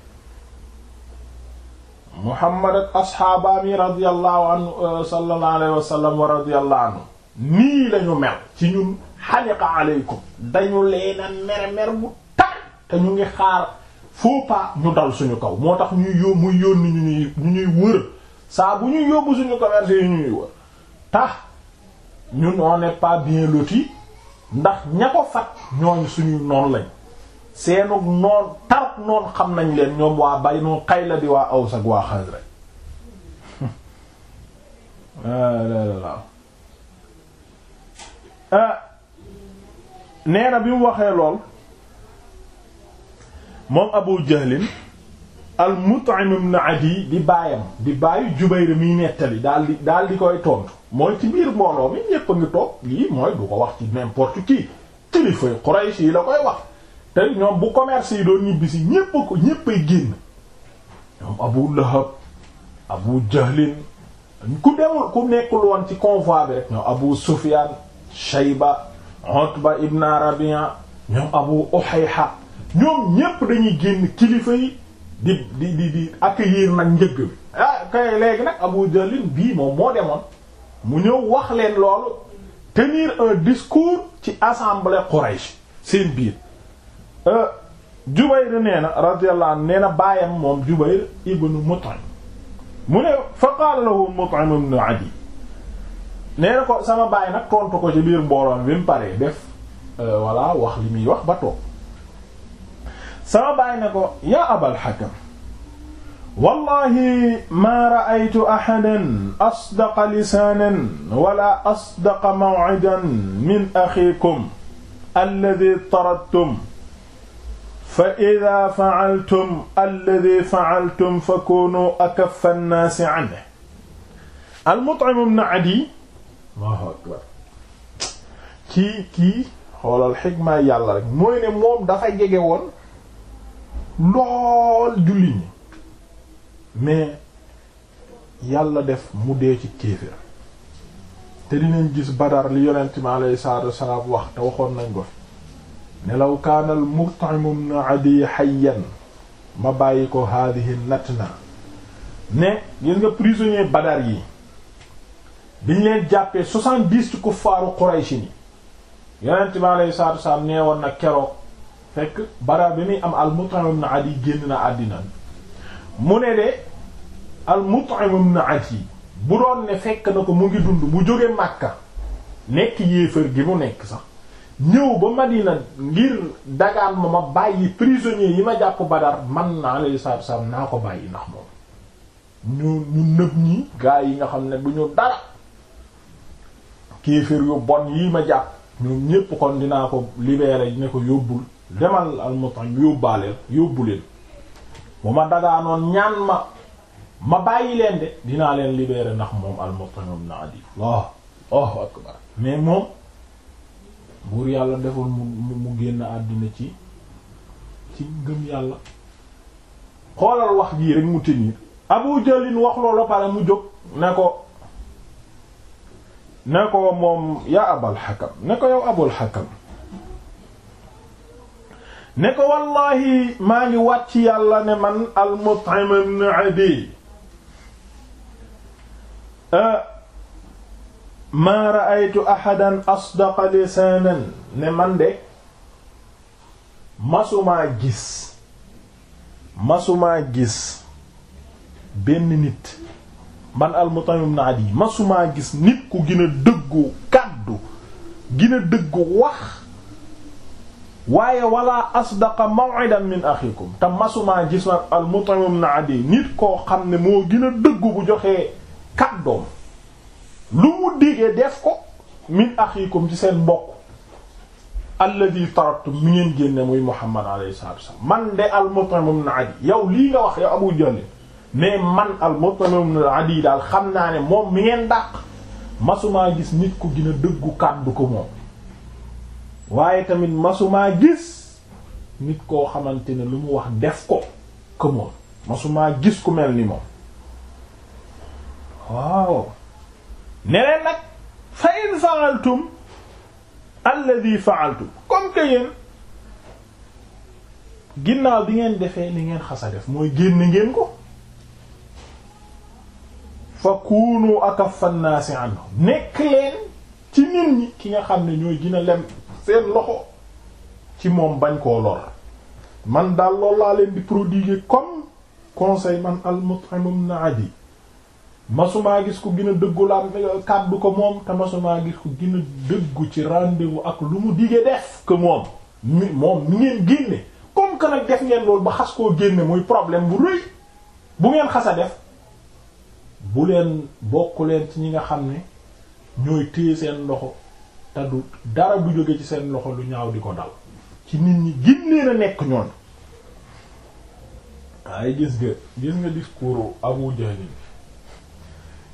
Muhammad ak asxaabaam yi radiyallahu anhu euh, sallallahu alayhi wa sallam wa radiyallahu anhu nii lañu mel ci ñun xaniqa aleykum dañu leena mere mer bu tar te ñu ngi xaar faux pas ñu dal suñu kaw moo tax muy yónni ñu ñuy ñu ñuy wër saa bu ñuy yóbbu suñu commerce yi ñuy wër tax ñun on n'est pas bien loti ndax ña ko fat ñoo suñu noonu lañ seenu noon tark noon xam nañ leen ñoom waa Banu Qayla bi waa Aws ak waa Xasraj [laughs] ah, ah, nee na bi mu waxee lool moom Abu Jahlin al Mut'im ibn Adi di baayam di baayu Jubayr yi nettali daal di daal di koy tontu mooy ci biir mbooloo mi ñépp a ngi toog lii mooy du ko wax ci n'importe qui kilifay Quraysh yi la koy wax te ñoom bu commerce yi doon ñibbisi ñépp ko ñéppay génn ñoom Abu Lahab Abu Jahlin ku demul ku nekkul woon ci convoi bi rek ñoom Abu Sufyan Shayba Utba ibn Rabi'a ñoom Abu Uhayha ñoom ñépp dañuy génn kilifa yi di di di di accueillir nag njëgg bi ah kay léegi nag Abu Jahlin bii moom moo demoon mu ñëw wax leen loolu tenir un discours ci assemblée Quraysh seen biir Euh, Jubayr nee na radiyallahu anhu nee na baayam moom Jubayr ibnu Mut'im mu ne fa qaala lahu Mut'im ibnu Adi nee na ko sama baay nag tontu ko ci biir mbooloo bi mu paree def euh, voilà wax li muy wax ba toog sama baay ne ko yaa Abal Hakam wallahi maa ra'aytu ahadan asdaqa lisaanan wala asdaqa maw'idan min akhiikum alladhi taradtum fa ida faaltum alladi faaltum fa koonu akaffa nnaasi anhu al-Mut'im ibn Adi Allahu akbar kii kii xoolal xikma yàlla rek mooy ne moom dafa jege woon lool julli ñi mais yàlla def mu dee ci kéefër te dinañ gis Badar li yonent mi alayhi salaatu wa salaam wax te waxoon nañ ko fi nelaw kaanal mut'imum na adi hayyan ma bàyyi ko haadihi natna ne gis nga prisonnier badar yi biñ leen jàppee soixante-dix ci kuffaaru Quraysh ni yonent bi alayhi salaatu wasalaam nee na keroog fekk badar bi muy am al mut'imum na adi génn na àddina mu ne de al mut'imum na adi bu doon ne fekk na ko mu ngi dund mu jóge Makka nekk yéefër gi mu nekk sax ñëw ba ma Madina ngir dagaan ma ma bàyyi prisonniers yi ma jàpp Badar man naa alayhi salaatu wasallam naa ko bàyyi ndax moom ñu ñu nëb ñi gaa yi nga xam ne bu ñu dara kéefër yu bon yi ma jàpp ñoom ñépp kon dinaa ko libérer ne ko yóbbul demal al-Mut'im yóbbaaleel yóbbu leen bu ma dagaanoon ñaan ma ma bàyyi leen de dinaa leen libérer ndax moom al-Mut'im ibn Adi Allah Allahu akbar mais moom buur yàlla defoon mu mu génn àddina ci ci ngëm yàlla xoolal wax jii rek mu tenir Abu Jalin wax loolu pare mu jóg ne ko ne ko moom yaa Abal Hakam ne ko yow Abul Hakam ne ko wallahi maa ngi wàcc yàlla ne man al Mut'im maa ra'aytu ahadan asdaqa lisaanan ne man de masumaa gis masumaa gis benn nit man al-Mut'im ibn masumaa gis nit ku gën a dëggu kàddu gën dëggu wax waaye wala asdaqa maw'idan min akhikum te masumaa gis man al-Mut'im ibn nit koo xam ne moo gën a dëggu bu joxee kàddoom lu mu digee def ko min axiikum ci seen mbokk alladi tarabtum mi ngeen génne muy Muhammad alayhi salaatu man de al-Mut'im ibn Adi yow lii nga wax yow Abu Jahl mais man al-Mut'im ibn Adi daal xam naa ne moom mi ngeen dàq masumaa gis nit ku gën a dëggu kàddu ko moom waaye tamit masumaa gis nit koo xamante ne lu mu wax def ko ko moom masumaa gis ku mel ni moom waaw ne leen nag fa in fa'altum alladhi fa'altum comme que yéen ginnaaw bi ngeen defee li ngeen xasa def mooy génn ngeen ko fa kuunu akaffa an-naasi anhu nekk leen ci nit ñi ki nga xam ne ñooy gën a seen loxo ci moom bañ koo lor man daal loolu laa leen di prodiguer comme conseil man al naa ibn masumaa gis ko gën a dëggu la kàddu ko moom te masumaa gis ko gën a dëggu ci rendez ak lu mu digee def que moom mi moom mi ngeen génne comme nag def ngeen loolu ba xas koo génne muy problème bu rëy bu ngeen xasa def bu leen bokk leen ci ñi nga xam ne ñooy téye seen loxo te du dara du jóge ci seen loxo lu ñaaw di ko dal ci nit ñi gin leen nekk ñoon waaye gis nga gis nga discours Abu Jahl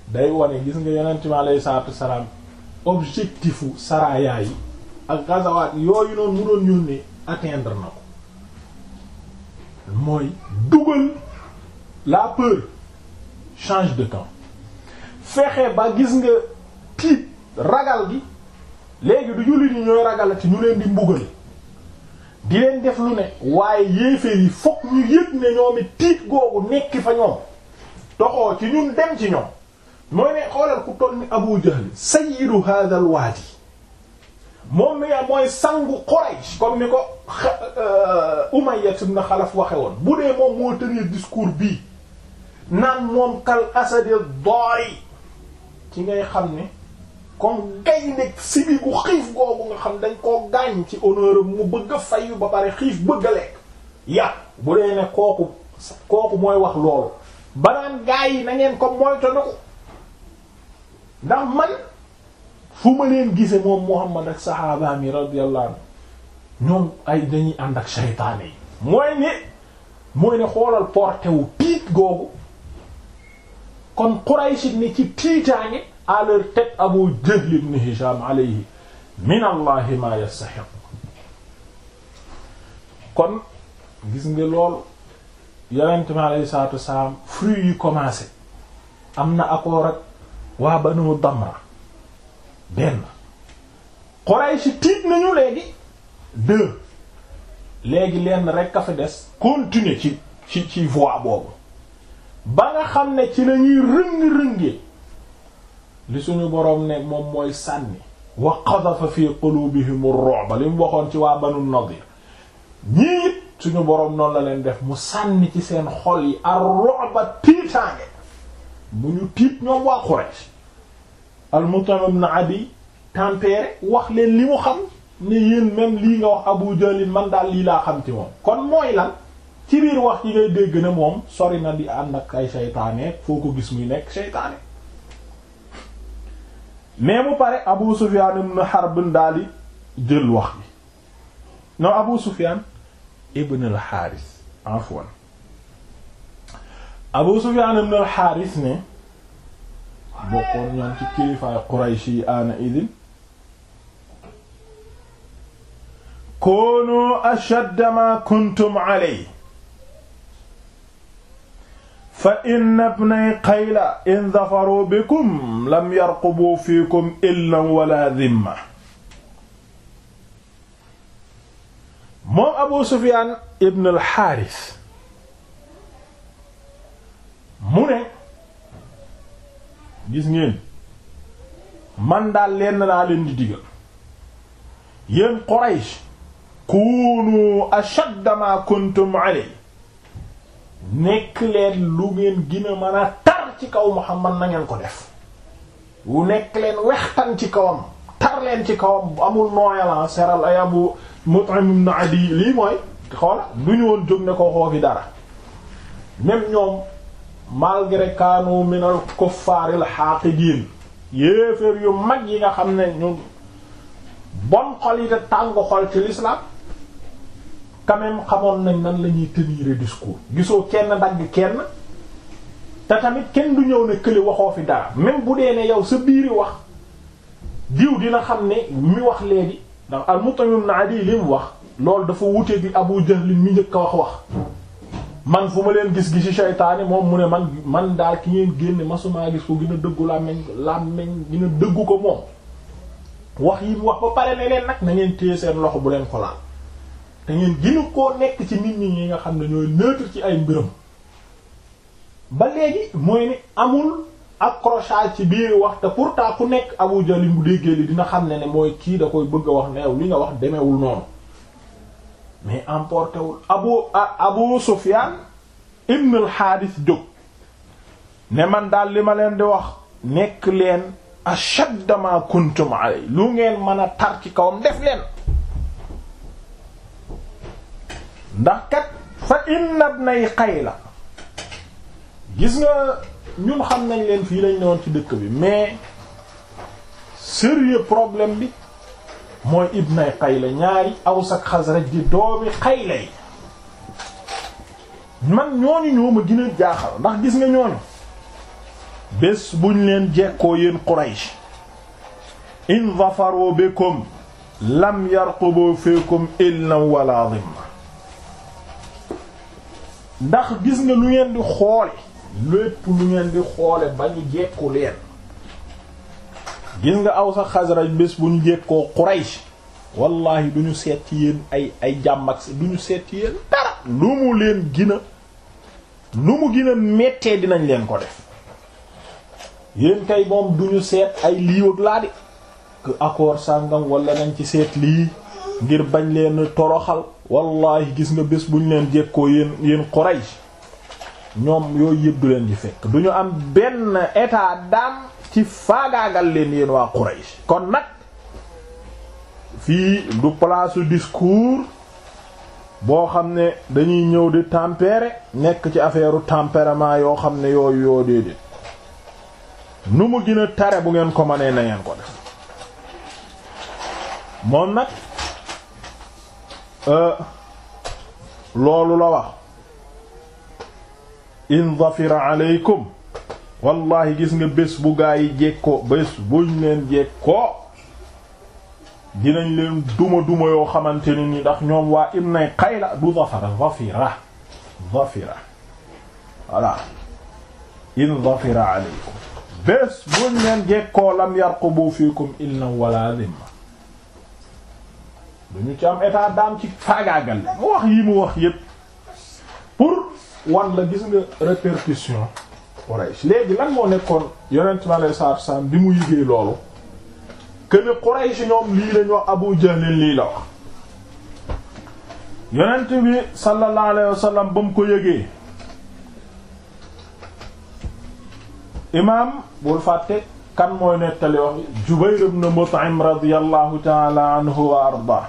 day wane gis nga yonent mi alayhi salaatu wasalaam objectifu saraya yi ak gazawaat yooyu noonu mu doon yónnee atteindre na ko mooy dugal la peur change de camp fexe ba gis nga tiit ragal gi léegi du jullit yi ñooy ragalati ñu leen di mbugal di leen def lu ne waaye yéeféer yi fokk ñu yëg ne ñoomi tiit googu nekki fa ñoom doxoo ci ñun dem ci ñoom mooy ne xoolal ku toll ni Abu Jahl sayyidu hadha al-wadi moom mi nga mooy sangu Quraysh comme ni ko euh, Umayya ibn Khalaf waxe woon bu dee moom moo tenir discours moom kal asadi ad-dari ngay xam ne comme gay nekk si ku xiif googu nga xam dañ koo gaañ ci honneur mu bëgg a fayu ba pare xiif bëgg a lekk yàpp bu dee ne kooku kooku mooy wax loolu banaan gaa yi na ngeen ko moytandiku ndax man fu ma leen gise moom Muhammad ak saxaabaam yi radiyallahu anhu ñoom ay dañuy ànd ak saytaane yi mooy ne mooy ne xoolal porté wu tiit googu kon Quraysh ni ci tiitaange à leur tête Abu Jahl ibn Hisham alayhi min Allah ma yastahiq kon gis nga lool yonent mi alayhi salaatu wa fruit yi commencé am na accord ak waa banu damra benn Quraysh tiit nañu léegi deux léegi lenn rekk a fa des continuer ci ci ci voie boobu ba nga xam ne ci lañuy rëng-rënge li suñu boroom ne moom mooy sànni wa qadafa fi qulubihim ar-ru'ba li mu waxoon ci waa banu nadir ñii it suñu boroom noonu la leen def mu sànni ci seen xol yi ar-ru'ba tiitaange bu ñu tiit ñoom waa Quraysh al-Mut'im Adi tempéré wax leen li mu xam ne yéen même lii nga wax Abu Jahl man daal lii laa xam ci moom kon mooy lan ci biir wax yi ngay dégg ne moom sori na di ànd ak ay seytaane foo ko gis muy nekk seytaane mais mu pare Abu Sufyan ibn Harb daal di jël wax bi non Abu Sufyan ibn al-Harith Abu Sufyaan ibn al-Haaris ne bokkoon ñoom ci kilifaay Quraysh yi aana idin koonu ashadda ma kuntum aley fa inna ibnay Qayla in zafaru bikum lam yarqubu fiikum illan wala dhimma moom Abu Sufyaan ibn al-Haaris mu ne gis ngeen man daal lenn laa leen di digal yéen Quraysh kuunu dama ma kuntum alay nekk leen lu ngeen gën a a tar ci kaw Muhammad man nangeen ko def wu nekk leen wextan ci kawam tar leen ci kawam bu amul nooyalan seral ay abu Mut'im ibn Adi lii mooy xoola du ñu woon jóg ne ko xoofi dara même ñoom malgré kaanu minal kuffaaril xaaqidiin yéeféer yu mag yi nga xam ne ñu bon xol yi te tàng xol ci l'islam quand xamoon nañ nan la ñuy tenir discours gisoo kenn dagg kenn te tamit kenn du ñëw ne kële waxoo fi dara même bu dee ne yow sa biiri wax diw dina xam ne mi wax léegi ndax al naa di Adi wax loolu dafa wute bi Abu Jahl mi njëkk a wax wax man fu ma leen gis gi ci seytaane moom mu ne man man daal ki ngeen génne masumaa gis ko gën a dëggu làmmeñ làmmeñ gën a dëggu ko moom wax yi wax ba pare ne leen nag na ngeen téye seen loxo bu leen ko laal te ngeen gënu koo nekk ci nit ñi ñi nga xam ne ñooy neutre ci ay mbiram ba léegi mooy ni amul accrochage ci biir wax te pourtant ku nekk Abu Jahl bu déggee li dina xam ne ne mooy kii da koy bëgg a wax ne yow li nga wax demeewul noonu mais emporté wul abu abu sufyan ibn al xaadis jóg ne man daal li ma leen di wax nekk leen ashadda ma kuntum alay lu ngeen mën a tar ci def leen ndax kat fa inna ibnay xayla gis nga ñun xam nañ leen fii lañ newoon ci dëkk bi mais sérieux problème bi mooy ibnay xayla ñaari aws ak xasraj di doomi xayla man ñooñu ñoo ma jaaxal ndax gis nga ñooñu bés ñu leen jekkoo yéen Quraysh in zafaru bikum lam yarqubu fiikum illa wala dhimma ndax gis nga lu ngeen di xoole lépp lu ngeen di xoole ba ñu jekku leen gis nga aw sa xasraj bés bu ñu jékkoo Quraysh wallahi du ñu seet ci yéen ay ay jàmm ak du ñu seet ci yéen dara lu mu leen gina lu mu gina mettee dinañ leen ko def yéen kay moom du ñu seet ay lii wëg laa di que accord sàngam wala nañ ci seet lii ngir bañ leen toroxal wallahi gis nga bés bu ñu leen jékkoo yéen yéen Quraysh ñoom yooyu yëpp du leen di fekk du ñu am benn état d'âme ci faagaagal leen yéen waa Quraysh kon nag fii du place su boo xam ne dañuy ñëw di tempérer nekk ci affaire tempérament yoo xam ne yooyu yoo déedéet nu mu gën tare bu ngeen ko mënee na ngeen ko def moom nag euh, loolu la wax in zafira wallahi gis nga bés bu gaa yi jekkoo bés buñ leen dinañ leen duma duma yoo xamante ne ni ndax ñoom waa im nay xayla du zafara zafira zafira voilà in zafira aleykum bés buñ leen jekkoo lam yarqubu fiikum illa wala dhimma duñu ci am état daam ci faagaagal mu wax yi mu wax yépp pour gis nga répercussion Quraysh léegi lan moo nekkoon yonent bi alayhi bi mu yëgee loolu que ne ñoom lii Abu Jahl lii la wax sallallahu alayhi wa ba mu ko yëgee imaam bul kan mooy nettali wax Jubayr ibn Mut'im radiyallahu ta'ala anhu wa ardaa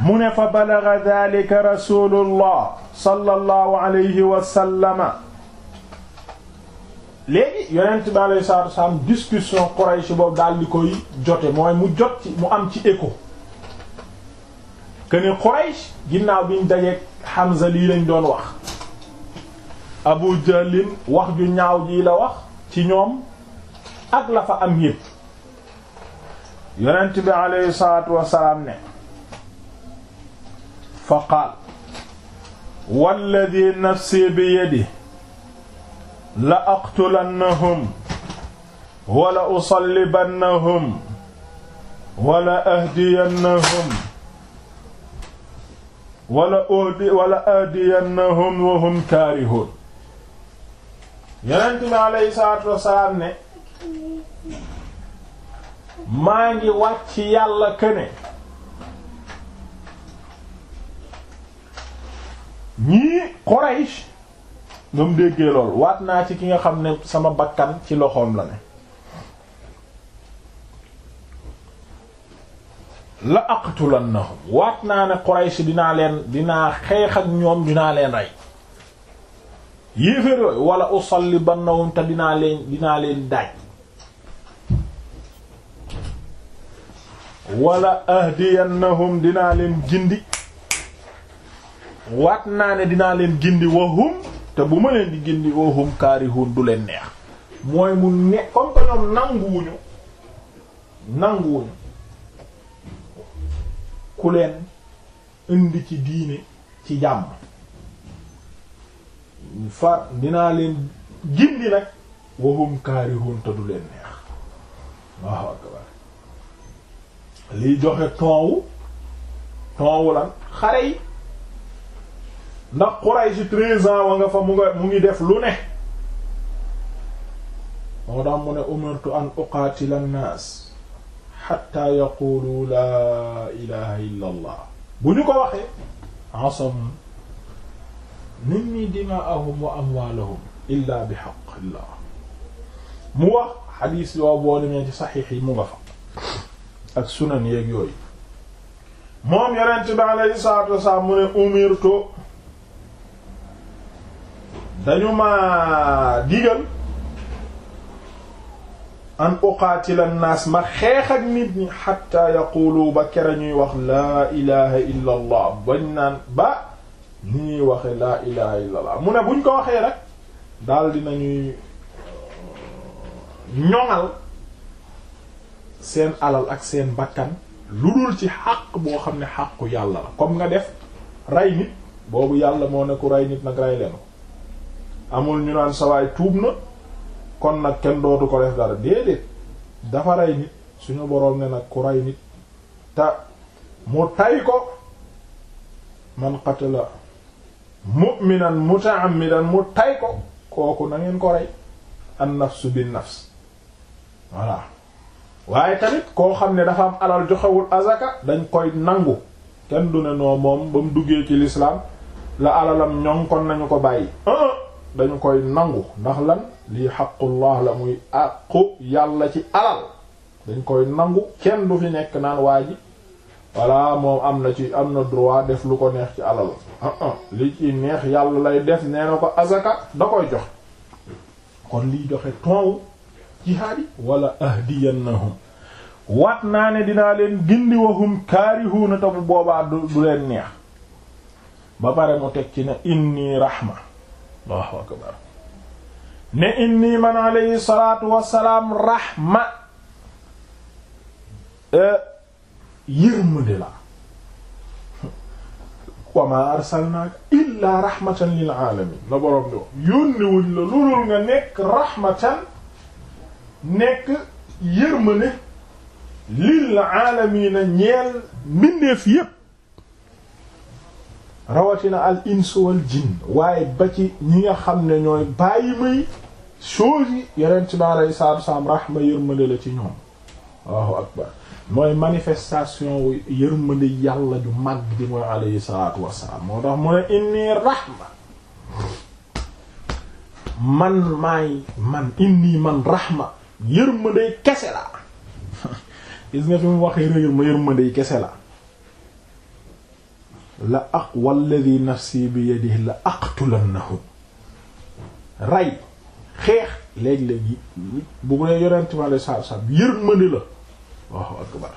mu ne fa balagha dhalika rasulullah sallallahu alayhi wa léegi yonent bi alayhi salaatu wa salaam discussion Quraysh boobu daal di koy jote mooy mu jot ci mu am ci écho que ne Quraysh ginnaaw biñ dajeeg xamsa lii lañ doon wax Abu Jahl wax ju ñaaw ji la wax ci ñoom ak la fa am yépp yonent bi alayhi salaatu wa salaam ne fa qaal walladhi nafsi bi yadihi la aqtulannahum wala usallibannahum wala ahdiyannahum wala uhdi wala ahdiyannahum wa hum kaarihuun yonent bi alayhi salaatu wasalaam ne maa ngi wàcc yàlla këne ñii Quraysh ba mu déggee lool waat naa ci ki nga xam ne sama bakkan ci loxoom la ne la aqtulannahum waat naa ne Quraysh dinaa leen dinaa xeex ak ñoom dinaa leen rey yéeféer yooyu wala usallibannahum te dinaa leen dinaa leen daaj wala ahdiyannahum dinaa leen gindi waat naa ne dinaa leen gindi wahum te bu ma leen di gindi wahum kaarihun du leen neex mooy mu ne comme que ñoom nanguwuñu nanguwuñu ku leen indi ci diine ci jàmm far dinaa leen gindi nag wahum kaarihun te du leen neex liy joxe tonwu tonwu lan xare yi ndax Quraysh treize ans fa mu nga def lu ne moo mu ne umirtu an uqaatila an-naas hatta yaqulu laa ilaha illa allah bu ñu ko waxee asam nit ñi wa amwaalahum illa bi haqqillah mu wax xadiis yoo boo demee mu nga fa ak sunan yeeg moom yonent bi alayhi salaatu mu ne umirtu dañu ma digal an uqaatila naas ma xeex ak nit ñi xatta yaqulu ba kera ñuy wax laa ilaha illa bañ naan ba ni ñuy waxe laa ilaha illa mu ne buñ ko waxee rek daldi dinañuy euh, ñoŋal seen alal ak seen bakkan lu dul ci xàq boo xam ne xàqu yàlla la comme nga def rey nit boobu yàlla moo ne ku rey nit nag rey leen ko amul ñu naan sawaay tuub na kon nag kenn dootu ko def dara déedéet dafa rey nit suñu boroom ne nag ku rey nit te mu tay ko man qatala mu'minan muta'ammidan mu tay ko kooku na ngeen ko rey an nafsu bin voilà waaye tamit koo xam ne dafa am alal joxewul azaka dañ koy nangu kenn du ne noo moom ba mu duggee ci lislaam la alalam ñoŋ kon nañu ko bàyyi uh-uh. dañu koy nangu ndax lan lii xaqullah la muy àqu yàlla ci alal dañ koy nangu kenn du fi nekk naan waa ji voilà moom am na ci am na droit def lu ko neex ci alal ah, ah, li ci neex yàlla lay def nee na ko azaka da koy jox kon liy joxe tonwu jihaadi wala ahdiyannahum waat naa ne dinaa leen gindi wahum kaarihuuna tamu boobaa du leen neex ba pare mu teg ci ne inni rahma Allahu akbar ne inni man alayhi salaatu e, la wa maa arsalnaaka illaa rahmatan lil aalamiin la boroom di wax yónni wuñ la loolul nga nekk rahmatan nekk yërmande lil aalamiin ñeel mbindeef yépp rawatina al insu wal jinn waaye ba ci ñi nga xam ne ñooy bàyyi may choses yi yeneen ci ba alei salatu salaam rahma yërmande la ci ñoom Allahu akbar mooy manifestation yërmande yàlla ju mag di mooy alayhi salatu wasalaam moo tax mu ne inni rahma man maay man inni man rahma yërmande kese la [laughs] gis nga fi mu waxee yërmande kese la la aq walladi nafsi bi yadihi la aqtulannahu rey xeex léeg-léegi bu mu nee yonent ma la saab saab la waaw akbar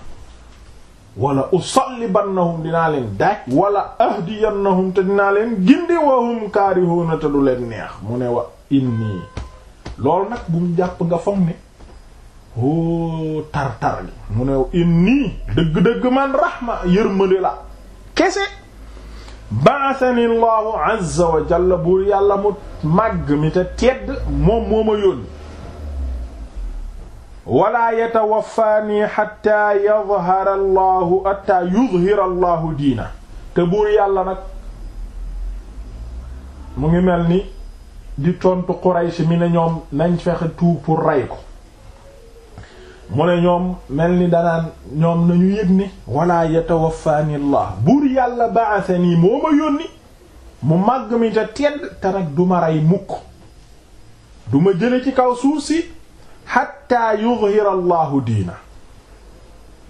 wala usallibannahum dinaa leen daaj wala ahdiyannahum te dinaa leen gindi wa te du leen neex mu ne wa inni loolu nag bu jàpp nga fom ne o oh, tar tar mu ne inni dëgg-dëgg man rahma yërmande la kese ba'athani Allahu azza wa jalla buur yàlla mu màgg mi te tedd moom moo ma yónni wala yatawaffaani hatta yadhhara Allahu diina te buur yàlla nag mu ngi mel ni di tontu Quraysh mi ne ñoom nañ fexe tuub pour rey ko mu ne ñoom mel ni danaan ñoom nañu yëg ni wala yatawaffaani llah buur yàlla ba'athani moo ma yónni mu màgg mi te tedd te nag du ma rey mukk du ma jële ci kaw suuf si hatta yuzhira allahu diina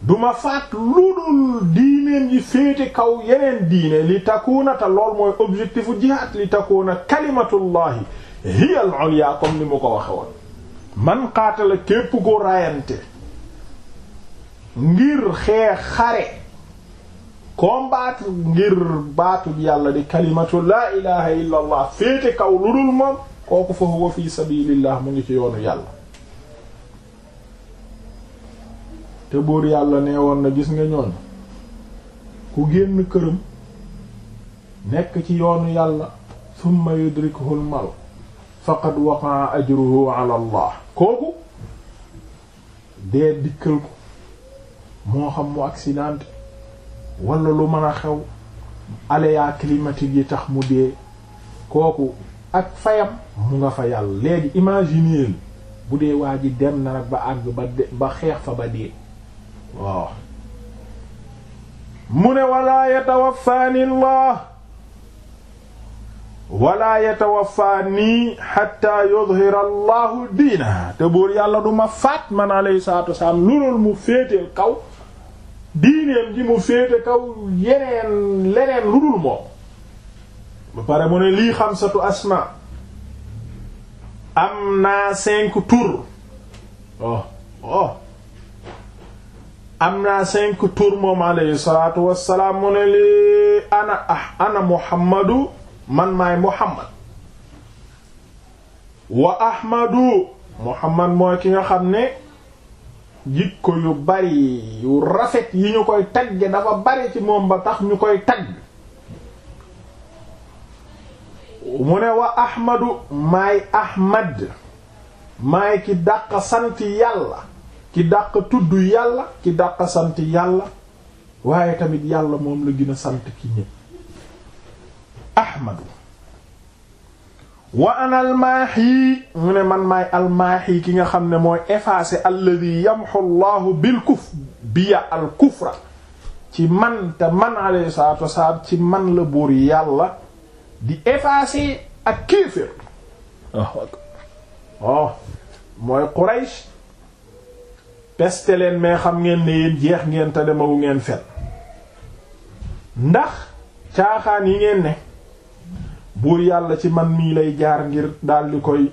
du ma faat ludul diineen yi féete kaw yeneen diine li takuuna te lool mooy objectifu jihaad li takuuna kalimatullahi hiya al-ulya comme ni mu ko waxe woon man qaatala képp ko raayante ngir xeex xare combattre ngir baatul yàlla di kalimatu laa ilaha illa allah kaw lu dul moom kooku fa huwa fi sabilillah mu ngi ci yoonu yàlla te buur yàlla nee woon na gis nga ñooñu ku génn këram nekk ci yoonu yàlla summa yudrikuhu al-maut waqa'a ajruhu ala kooku dee dikkal ko moo xam mu accident wala lu mën a xew aléa climatique yi tax mu dee kooku ak fayam mu nga fa yàlla léegi imaginer bu dee waa ji dem na nag ba àgg ba de ba xeex fa ba dee waaw mu ne wala yatawaffaani llah wala yatawaffaani xatta yudhira allahu diina te buur yàlla du ma faat man alayhi salatu wasalaam lu mu féeteel kaw diineem ji mu féete kaw yeneen leneen lu dul moom ba pare mu ne lii xamsatu asma am naa cinq tours oh oh am naa cinq tuur moom alayhi salaatu wassalaam mu ne lii ana ah, ana muhammadu man maay muhammad wa ahmadu muhammad mooy ki nga xam ne jikko yu bari yu rafet yi ñu koy tagge dafa bari ci moom ba tax ñu koy tagg mu ne wa ahmadu maay ahmad maay ki dàq sant yàlla ki dàq tudd yàlla ki dàq sant yàlla waaye tamit yàlla moom la gën a sant ki ñépp ahmadu wa ana almaahi mu ne man maay almaahi ki nga xam ne mooy effacer alladi yamxu llahu bil kuf ci man te man alayhi salatu wasalaam ci man la buur yàlla di effacer ak kéefér oh mooy Quraysh peste leen mais xam ngeen ne yéen jeex ngeen te demagu ngeen fet ndax caaxaan yi ngeen ne buur yàlla ci man mii lay jaar ngir daldi koy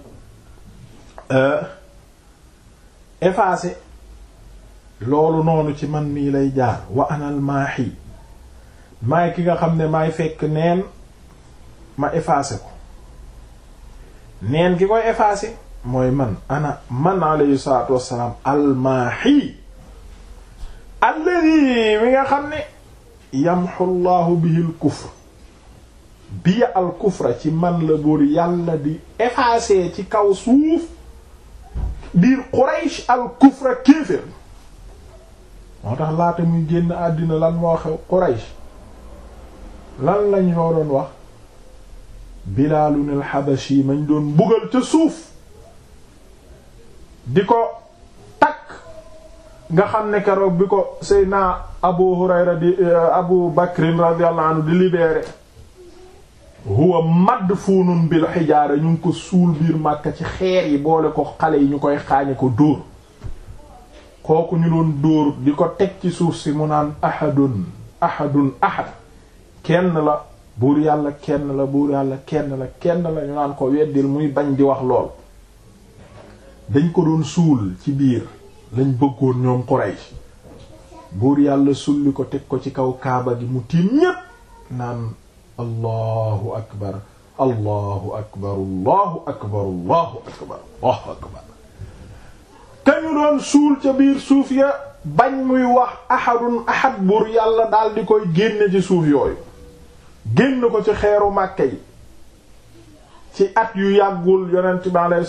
euh, effacer loolu noonu ci man mii lay jaar wa anal maaxi maay ki nga xam ne maay fekk neen ma effacer ko neen ki koy effacer mooy man ana man alayhi salaatu wassalaam almaaxi alladi mi nga xam ne yamxu llahu bihi biya al kufra ci man la buur yàlla di effacer ci kaw suuf biir Quraysh al kufra kéeféer moo tax laata muy génn àddina lan moo xew Quraysh lan lañ foo doon wax Bilaalun al Habashi mañ doon mbugal ca suuf di ko takk nga xam ne keroog bi ko Seydina Abu Hurayra di eh, Abu Bakrin radiyallahu di libéré huwa madfunun bil xijaara ñu ngi ko suul biir màkka ci xeer yi boole ko xale yi ñu koy xaañe ko dóor kooku ñu doon dóor di ko teg ci suuf si mu naan ahadun ahadun ahad kenn la buur yàlla kenn la buur yàlla kenn la kenn la ñu naan ko weddil muy bañ di wax lool dañ ko doon suul ci biir lañ bëggoon ñoom Quraysh buur yàlla sulli ko teg ko ci kaw kaaba gi mu tiim ñépp naan allahu akbar allahu akbar allahu akbar allahu akbar kañu doon suul ca biir suuf bañ muy wax ahadun ahad buur yàlla daal di koy génne ci suuf yooyu génn ko ci xeeru màkke yi ci at yu yàggul yonent bi alayhi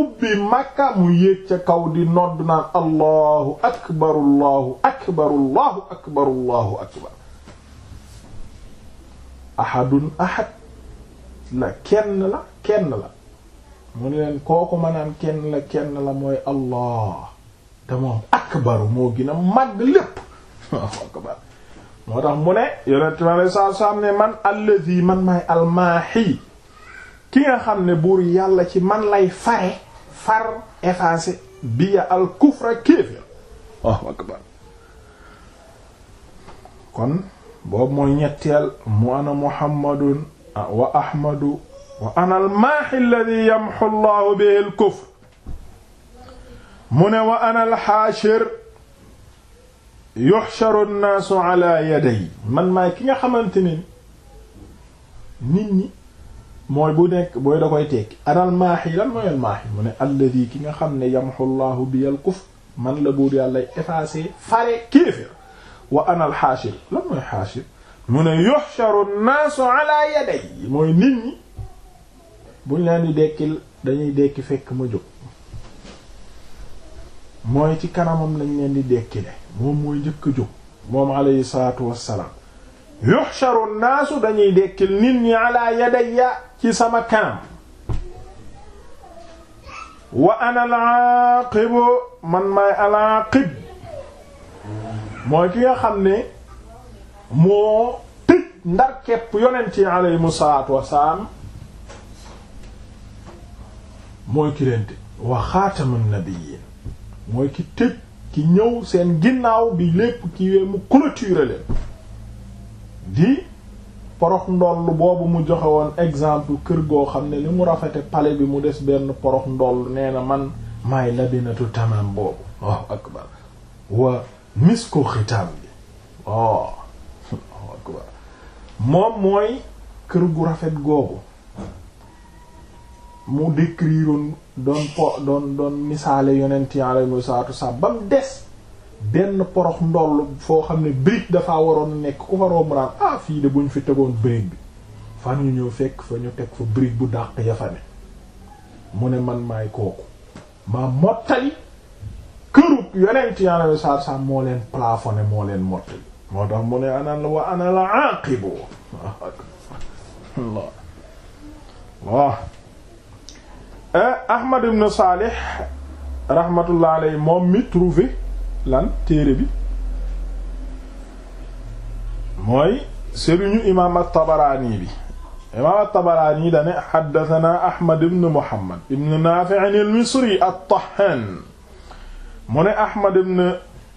ubbi màkka mu yéeg ca kaw di nodd naan allahu akbar allahu akbar allahu akbar allahu akbar ahadun ahad la kenn la kenn la mu ne leen kooku ma naan kenn la kenn la mooy allah te moom akbaru moo gën a lépp [laughs] moo tax mu ne yonent mi alei saatu salaam ne man allazi man maay almaahi ki nga xam ne buur yàlla ci man lay fare far effacer biya al kufra kéefér kon boobu mooy ñetteel mu ana muhammadun wa ahmadu wa almaaxi alladi yamxu llahu bihi alkufr mu ne wa ana alxaashir yuxsharu nnaasu ala yaday man maay ki nga xamante ne nit ñi mooy bu nekk booy da koy tekki almaaxi ki nga xam ne yamxu llahu bihi alkufr man la buur yàllay effacer fare kéefér wa ana alxaashir lan mooy xaashir mu ne yuhsharu nnaasu ala yaday mooy nit ñi buñ leen di dekkil dañuy dekki fekk ma jóg mooy ci kanamam lañ leen di dekkile moom mooy njëkk a jóg moom alayhi salaatu wassalaam yuhsharu nnaasu dañuy dekkil nit ñi ala yadayya ci sama kanam wa ana al-aaqib man maay al-aaqib mooy ki nga xam ne moo tëj ndar kepp yonent yi mu salaatu wassalaam mooy ki leen tëj wa xaatamun nabiyyin mooy ki tëj ki ñëw seen ginnaaw bi lépp ki wee mu clôturer leen di porox ndoll boobu mu joxe woon exemple kër goo xam ne li mu rafete pale bi mu des benn porox ndoll nee na man maay labinatu tamam boobu waaw akbar wa misku xitaam bi oh [laughs] moom mooy kër gu rafet googu mu décriroon doon po doon doon misaale yonent yi alayhimu salaatu salaam ba mu des benn porox ndoll foo xam ne brique dafaa waroon nekk ku fa romb naan ah fii de bu ñu fi tegoon brique bi fan ñu ñëw fekk fa ñu teg fa brique bu dàq ya fa mu ne man maay kooku maa mottali këru yonent yàlla yu saar saam moo leen plafonné moo leen mottali ana la wa ana la aaqibu Allah Allah eh, ibn Salih rahmatullah alayhi moom mi lan téere bi mooy sëriñu imaam at-Tabarani bi imaam at-Tabarani dane haddathana Ahmad ibn Muhammad ibn Nafi' al-Misri at-Tahhan mu ne ahmad ibn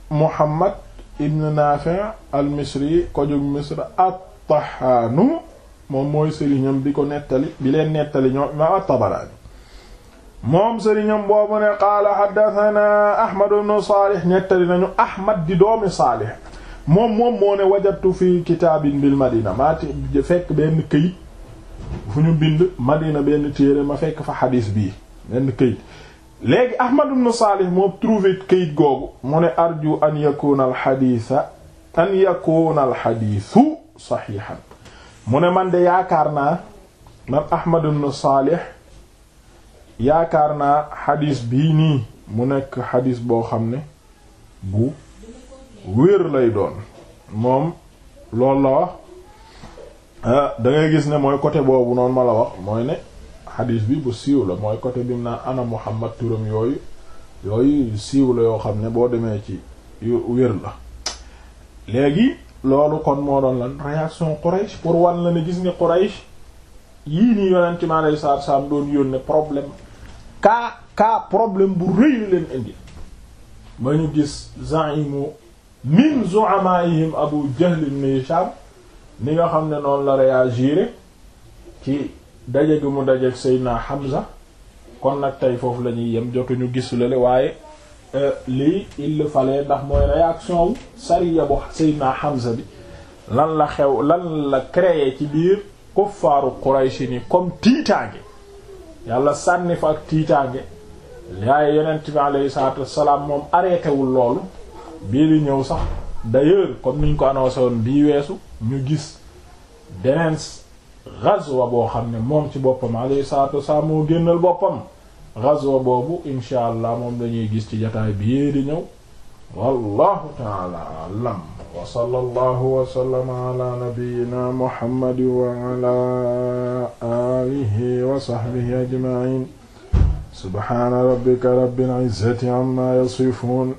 muhammad ibn naafi' al-misri ko jóg misr at-tahaanu moom mooy sëriñam bi ko nettali bi leen nettali ñoom imaam at-tabaraani moom sëriñam boobu ne qaala haddathana ahmad ibn saalih nettali nañu ahmad di doomi saalih moom moom moo ne wajadtu fi kitaabin bil madina maa ti fekk benn këyit fu ñu bind madina benn téere ma fekk fa xadiis bii benn këyit léegi ahmad ibn saalih moo trouvé kayit googu mu ne arju an yakuna al xadiisa an yakuna al xadiisu saxiixan mu ne man de yaakaar naa man ahmad ibn saalih yaakaar naa xadiis bii nii mu nekk xadiis boo xam ne bu wér lay doon moom loolu la wax ah, dangay gis ne mooy côté boobu noonu ma la wax mooy ne xadiis bi bu siiw la mooy côté bi mu naan ana Muhammad turam yooyu yooyu siiw la yoo xam ne boo demee ci wér la léegi loolu kon moo doon lan réaction Quraysh pour wan la ne gis ni Quraysh yii nii yonent mi alayhi salaatu salaam doon yónne problème kaa kaa problème bu rëy la leen indi ma ñu gis za'imu min zu'ama'ihim Abu Jahl ibn Hisham ni nga xam ne noonu la réagir ci daje gi mu dajeeg Seydina Hamza kon nag tey foofu la ñuy yem jotuñu gis lale waaye euh, lii il le ndax mooy réaction wu sariya bu Seydina Hamza bi lan la xew lan la crée ci biir kuffaaru Quraysh ni comme tiitaange yàlla sànni fa ak tiitaange laaye yonent bi aleyhi salatu wasalaam moom arrêté wul loolu bii li ñëw sax d'ailleurs comme niñ ko annoncé woon bii weesu ñu gis deneen ghazwa boo xam ne moom ci boppam alayhi salaatu wassalaam moo génnal boppam ghazwa boobu insha allah moom lañuy gis ci jotaay bii di ñëw wallahu ta'ala a'lam wa sallallahu wa sallama ala nabiyyina muhammad wa ala alihi wa sahbihi ajma'in subhana rabbika rabbil izzati amma yasifun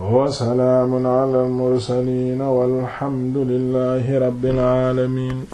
wa salaamun ala al mursalin walhamdulillahi rabbil alamin